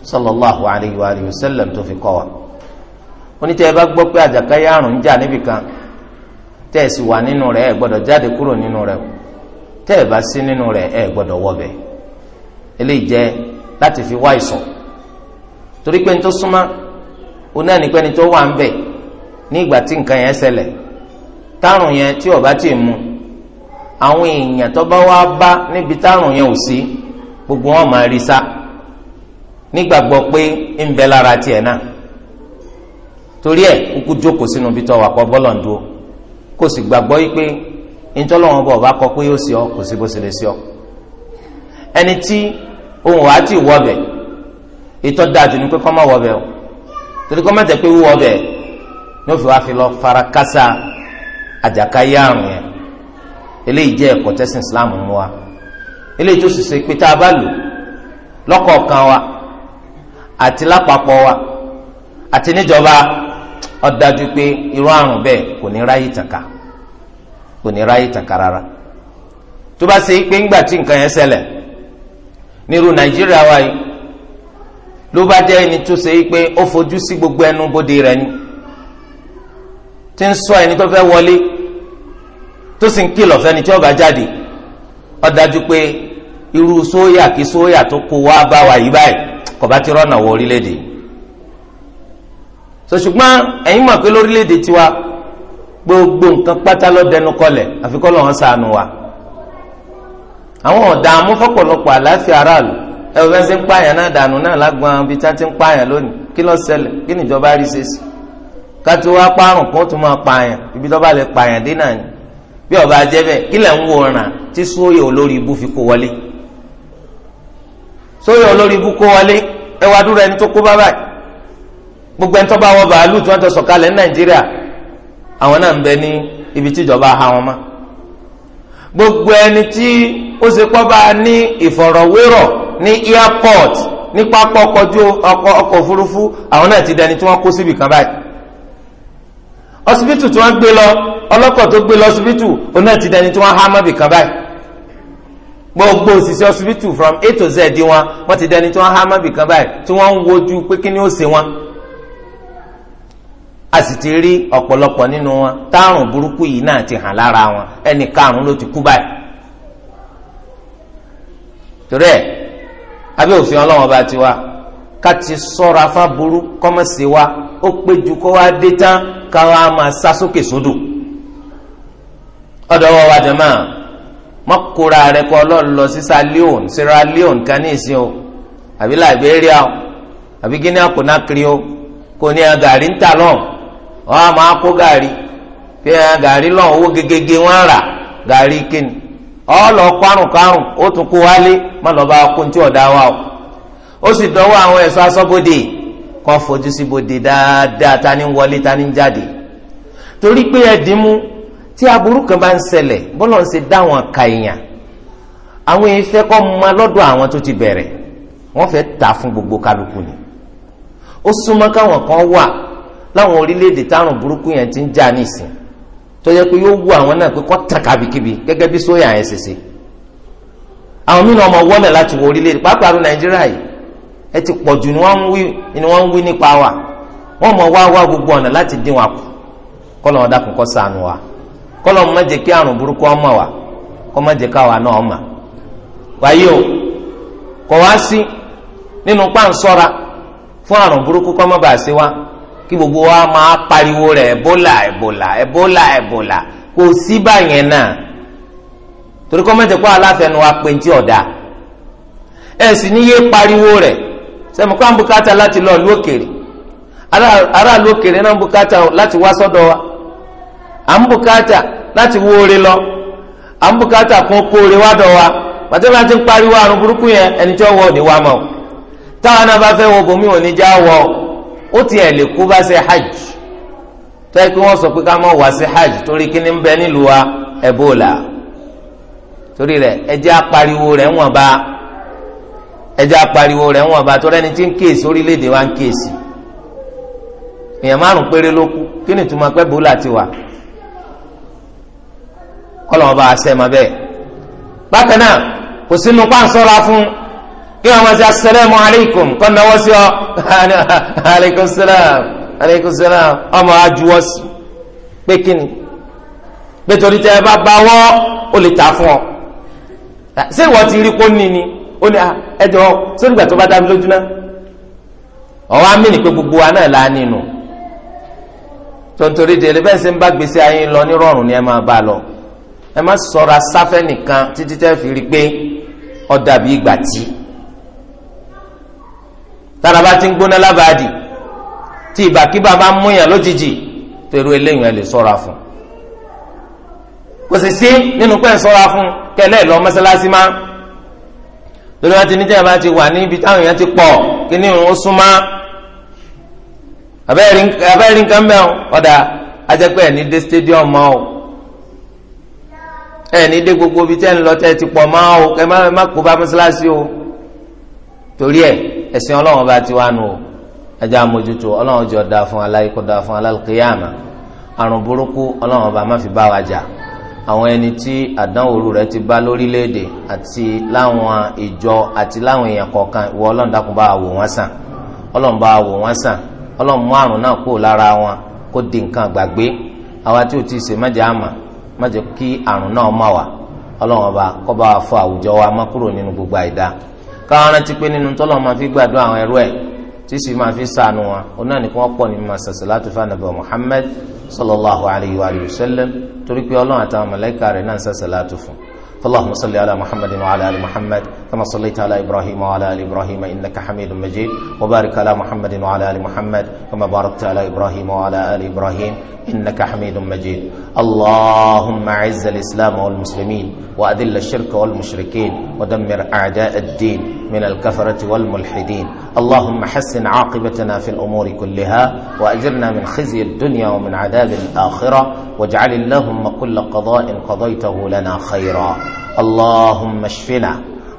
sallallahu alayhi wa sallam tó fi kọ́ wa ẹ bá gbọ́ tẹ́ ẹ̀ sì wà nínú rẹ̀ ẹ̀ gbọ́dọ̀ jáde kúrò nínú rẹ̀ tẹ́ ẹ̀ bá sí nínú rẹ̀ ẹ̀ gbọ́dọ̀ wọbẹ̀ eléyìí jẹ́ láti fi wá ìsọ̀ torí pé ní tó súnmọ́ oní ẹnikẹ́ni tó wà ń bẹ̀ ní ìgbà tí nǹkan yẹn ṣẹlẹ̀ tárùn yẹn tí ó bá ti mú àwọn èèyàn tó bá wá bá níbi tárùn yẹn ò sí gbogbo wọn máa rí sá nígbàgbọ́ pé ń bẹ lára tiẹ̀ náà torí ẹ̀ kúkú jókòó sínú ibi tó wà pọ̀ bọ́lọ̀ ń dúró. kó sì gbàgbọ́ yìí pé ntọ́lọ́wọ́n bọ̀ bá kọ pé yóò sí ọ kò sí bó ṣe lè sí ọ ẹni tí ohun wàá ti wọ ọbẹ̀ ìtọ́ dájú ni pé kọ́ má wọ ọbẹ̀ o torí kọ́ má jẹ́ pé wíwọ ọbẹ̀ ní òfin wàá fi lọ fara kásá àjàkáyé àrùn yẹn eléyìí jẹ́ ẹ̀kọ́ tẹ́sán Islam mú wa eléyìí tó sì ṣe pé tá a bá lò lọ́kọ̀ọ̀kan wa àti lápapọ̀ wa àti níjọba Ọ dájú pé irú àrùn bẹ́ẹ̀ kò ní ráyè tàkà kò ní ráyè tàkà rárá tó bá ṣe pé ńgbà tí nǹkan yẹn ṣẹlẹ̀ nírú nàìjíríà wa yìí ló bá jẹ́ ẹni gbogbo ẹnu bodè rẹ̀ ni tí ń sọ ẹni tó fẹ́ wọlé tó sì ń kìlọ̀ fẹ́ni tí ó jáde ó pé irú sóyà kí sóyà tó kó wá bá wa yìí báyìí kò bá ti rọ́nà so ṣùgbọ́n ẹ̀yin mọ̀ pé lórílẹ̀‐èdè tiwa gbogbo nǹkan pátá ló dẹnu kọlẹ̀ àfi lọ́wọ́ sànù wa àwọn ọ̀dààmú fọ́pọ̀lọpọ̀ àláfíà aráàlú ẹ wọ́n fẹ́ ń pààyàn náà dànù náà ti ń pààyàn lónìí kí ló ṣẹlẹ̀ kí nìjọba rí ṣe kátó wá párùn kó tó máa pààyàn ibi tó bá lè pààyàn dé náà ni ọba jẹ́ bẹ́ẹ̀ kí ń wo ọ̀ràn tí sóyè olórí ibú fi kó wọlé sóyè olórí ibú kó gbogbo ẹni tó bá wọ bàálù tí wọ́n jọ sọ̀kalẹ̀ ní nàìjíríà àwọn náà ń ní ibi tíjọba ha wọn gbogbo ẹni tí ó bá ní ìfọ̀rọ̀wérọ̀ ní airport ní pápá ọkọ̀ òfurufú àwọn náà ti dẹni tí wọ́n kó síbi kan báyìí ọsibítù tí wọ́n gbé lọ ọlọ́kọ̀ tó gbé lọ ọsibítù òun náà ti dẹni tí wọ́n há mọ́bì a to ti dẹni tí wọ́n há mọ́bì kan báyìí a sì ti rí ọ̀pọ̀lọpọ̀ nínú wọn táàrùn burúkú yìí náà ti hàn lára wọn ẹnì karùn-ún ló ti kú báyìí. torí ẹ abẹ́ òfin ọlọ́wọ́n bá ti wá ká ti sọ́ra fáburú kọ́mọ̀sí wa ó pé ju kó wá dé tán ká wá máa sá sókè sódò. ọ̀dọ̀ wọ́n wá jẹ̀mọ́ mọ́kúra rẹ̀ kọ́ ọlọ́run lọ sí Sierra Leone Sierra Leone kan o àbí Liberia o àbí Guinea Conakry o kò ní agàrí ń tà lọ́hùn wọn a máa kó gàrí kí ẹ gàrí lọ́n owó gegege wọn rà gàrí kíni ọlọ karùn karùn ó tún kó wálé má lọ bá kó tí ọ̀dà wa o ó sì dánwó àwọn ẹ̀ṣọ́ asọ́bodè kọ́ fojú sí bodè dáadáa ta ni ń wọlé ta ni ń jáde torí pé ẹ̀dínmú tí aburú kan bá ń ṣẹlẹ̀ bọ́lọ̀ ń ṣe dáwọn ka èèyàn àwọn ìfẹ́ kọ́ ma lọ́dọ̀ àwọn tó ti bẹ̀rẹ̀ wọ́n fẹ́ ta fún gbogbo kálukú ni ó súnmọ́ káwọn kan wà láwọn orílẹ̀-èdè tárùn burúkú yẹn ti ń jà nísìn tó yẹ pé yóò wú àwọn náà pé kọ́ tàn kábíkíbi gẹ́gẹ́ bí sóyà yẹn ṣèṣe àwọn mìíràn ọmọ wọlé láti wọ orílẹ̀-èdè pàápàá nàìjíríà yìí ẹ ti pọ̀ jù ni wọ́n ń wí nípa wa wọ́n mọ̀ wá wá gbogbo ọ̀nà láti dín wa kù kọ́lọ̀ wọn dákun kọ́ o kí gbogbo wa máa pariwo rẹ̀ ebola ebola ebola ebola kò sí báyẹn náà torí kọ́mẹ́tì kọ́ aláfẹnu wa ọ̀dà ẹ̀ sì ní yé pariwo rẹ̀ sẹ́mi kọ́ àbúkátà láti lọ ìlú òkèèrè aráàlú náà àbúkátà láti wá sọ́dọ̀ wa àbúkátà láti wo ore lọ àbúkátà kan kó ore wá dọ̀ wa pàtẹ́ bá ti ń pariwo àrùn burúkú yẹn ẹni tí wọ́n wọ̀ ní wa mọ̀ táwọn náà bá fẹ́ wọ bòmí ó tiẹ̀ lè kú bá ṣe hajj tó yẹ kí wọ́n sọ pé ká má wá hajj torí kí ni ń bẹ nílùú ebola torí rẹ̀ ẹ apariwo rẹ̀ wọ́n bá ẹ apariwo rẹ̀ wa ń kíyèsí èèyàn márùn péré ló kú kí ni ìtumọ̀ pé ti wà kọ́lọ̀ wọn bá a sẹ́ bẹ́ẹ̀ bákan náà kò sínú pàǹsọ́ra fún kí wọn máa ṣe asalaamu aleykum kọ́ náwó sí ọ aleykum salaam aleykum salaam ọmọ ajuwọ́ sí pé kí ni pé torí tẹ ẹ bá bá wọ́ ó lè ta fún ọ ṣé ìwọ ti rí kó ní ni ó ní ẹjọ sórí ìgbà tó bá dá lójú náà ọwọ́ amínì pé gbogbo wa náà la nínú tontori dèrè bẹ́ẹ̀ sẹ́ ń bá gbèsè ayé lọ ní rọrùn ni ẹ máa bá lọ ẹ má sọra sáfẹ́ nìkan títí tẹ́ fi rí pé ọ dàbí ìgbà tí tára bá ti ń gbóná lábàádì tí ìbàkíbà bá ń múyàn lójijì fèrú eléyìn ẹ lè sọ́ra fún kò sì sí nínú pẹ́ ń sọ́ra fún kẹlẹ́ lọ mọ́sálásí má lórí wọn ti ní jẹ́ bá ti wà ní ibi táwọn èèyàn ti pọ̀ kí ní òun ó súnmọ́ abẹ́rẹ́ nǹkan mẹ́wọ̀n ọ̀dà ajẹ́pẹ́ ẹ̀ ní dé stadium mọ́ o ẹ̀ ní dé gbogbo ibi tẹ́ ń lọ tẹ́ ti pọ̀ mọ́ o kẹ́ má kó bá mọ́sálásí o torí ẹ̀ ẹ̀sìn ọlọ́run bá ti wá nù o ẹja mójútó ọlọ́run jọ dáa fún aláìkó dáa fún alálùkíyàmà àrùn burúkú ọlọ́run bá má fi bá wa jà àwọn ẹni tí àdánwòrú rẹ ti bá lórílẹ̀‐èdè àti láwọn ìjọ àti láwọn èèyàn kọ̀ọ̀kan ìwọ ọlọ́run dákun bá wò wọ́n sàn ọlọ́run bá wò wọ́n sàn ọlọ́run mú àrùn náà kúrò lára wọn kó di nǹkan gbàgbé àwa tí ò ti ṣe má àmà má kí àrùn náà má wà ọlọ́run ọba kó bá wa fọ àwùjọ wa má kúrò nínú gbogbo àìdáa káwọn rántí pé nínú tọ́lọ̀ máa fi gbàdúrà àwọn ẹrú ẹ̀ tí sì máa fi sànù wọn oná nìkan pọ̀ ní ma salatu fa nàbẹ̀ Muhammad sallallahu alayhi wa sallam torí pé ọlọ́run àtàwọn màláíkà rẹ̀ náà salatu fún Allahumma salli ala Muhammadin wa ala ali Muhammad. كما صليت على إبراهيم وعلى آل إبراهيم إنك حميد مجيد وبارك على محمد وعلى آل محمد كما باركت على إبراهيم وعلى آل إبراهيم إنك حميد مجيد اللهم عز الإسلام والمسلمين وأذل الشرك والمشركين ودمر أعداء الدين من الكفرة والملحدين اللهم حسن عاقبتنا في الأمور كلها وأجرنا من خزي الدنيا ومن عذاب الآخرة واجعل اللهم كل قضاء قضيته لنا خيرا اللهم اشفنا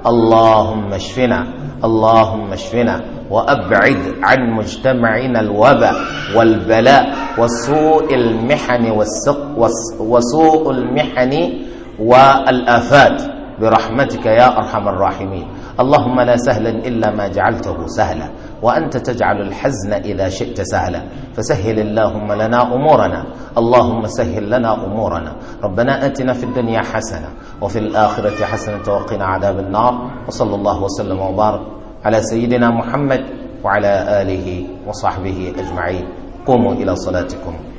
اللهم اشفنا اللهم اشفنا وأبعد عن مجتمعنا الوباء والبلاء وسوء المحن والسق وسوء المحن والآفات برحمتك يا أرحم الراحمين اللهم لا سهلا إلا ما جعلته سهلا وأنت تجعل الحزن إذا شئت سهلا فسهل اللهم لنا أمورنا اللهم سهل لنا أمورنا ربنا آتنا في الدنيا حسنة وفي الآخرة حسنة وقنا عذاب النار وصلى الله وسلم وبارك على سيدنا محمد وعلى آله وصحبه أجمعين قوموا إلى صلاتكم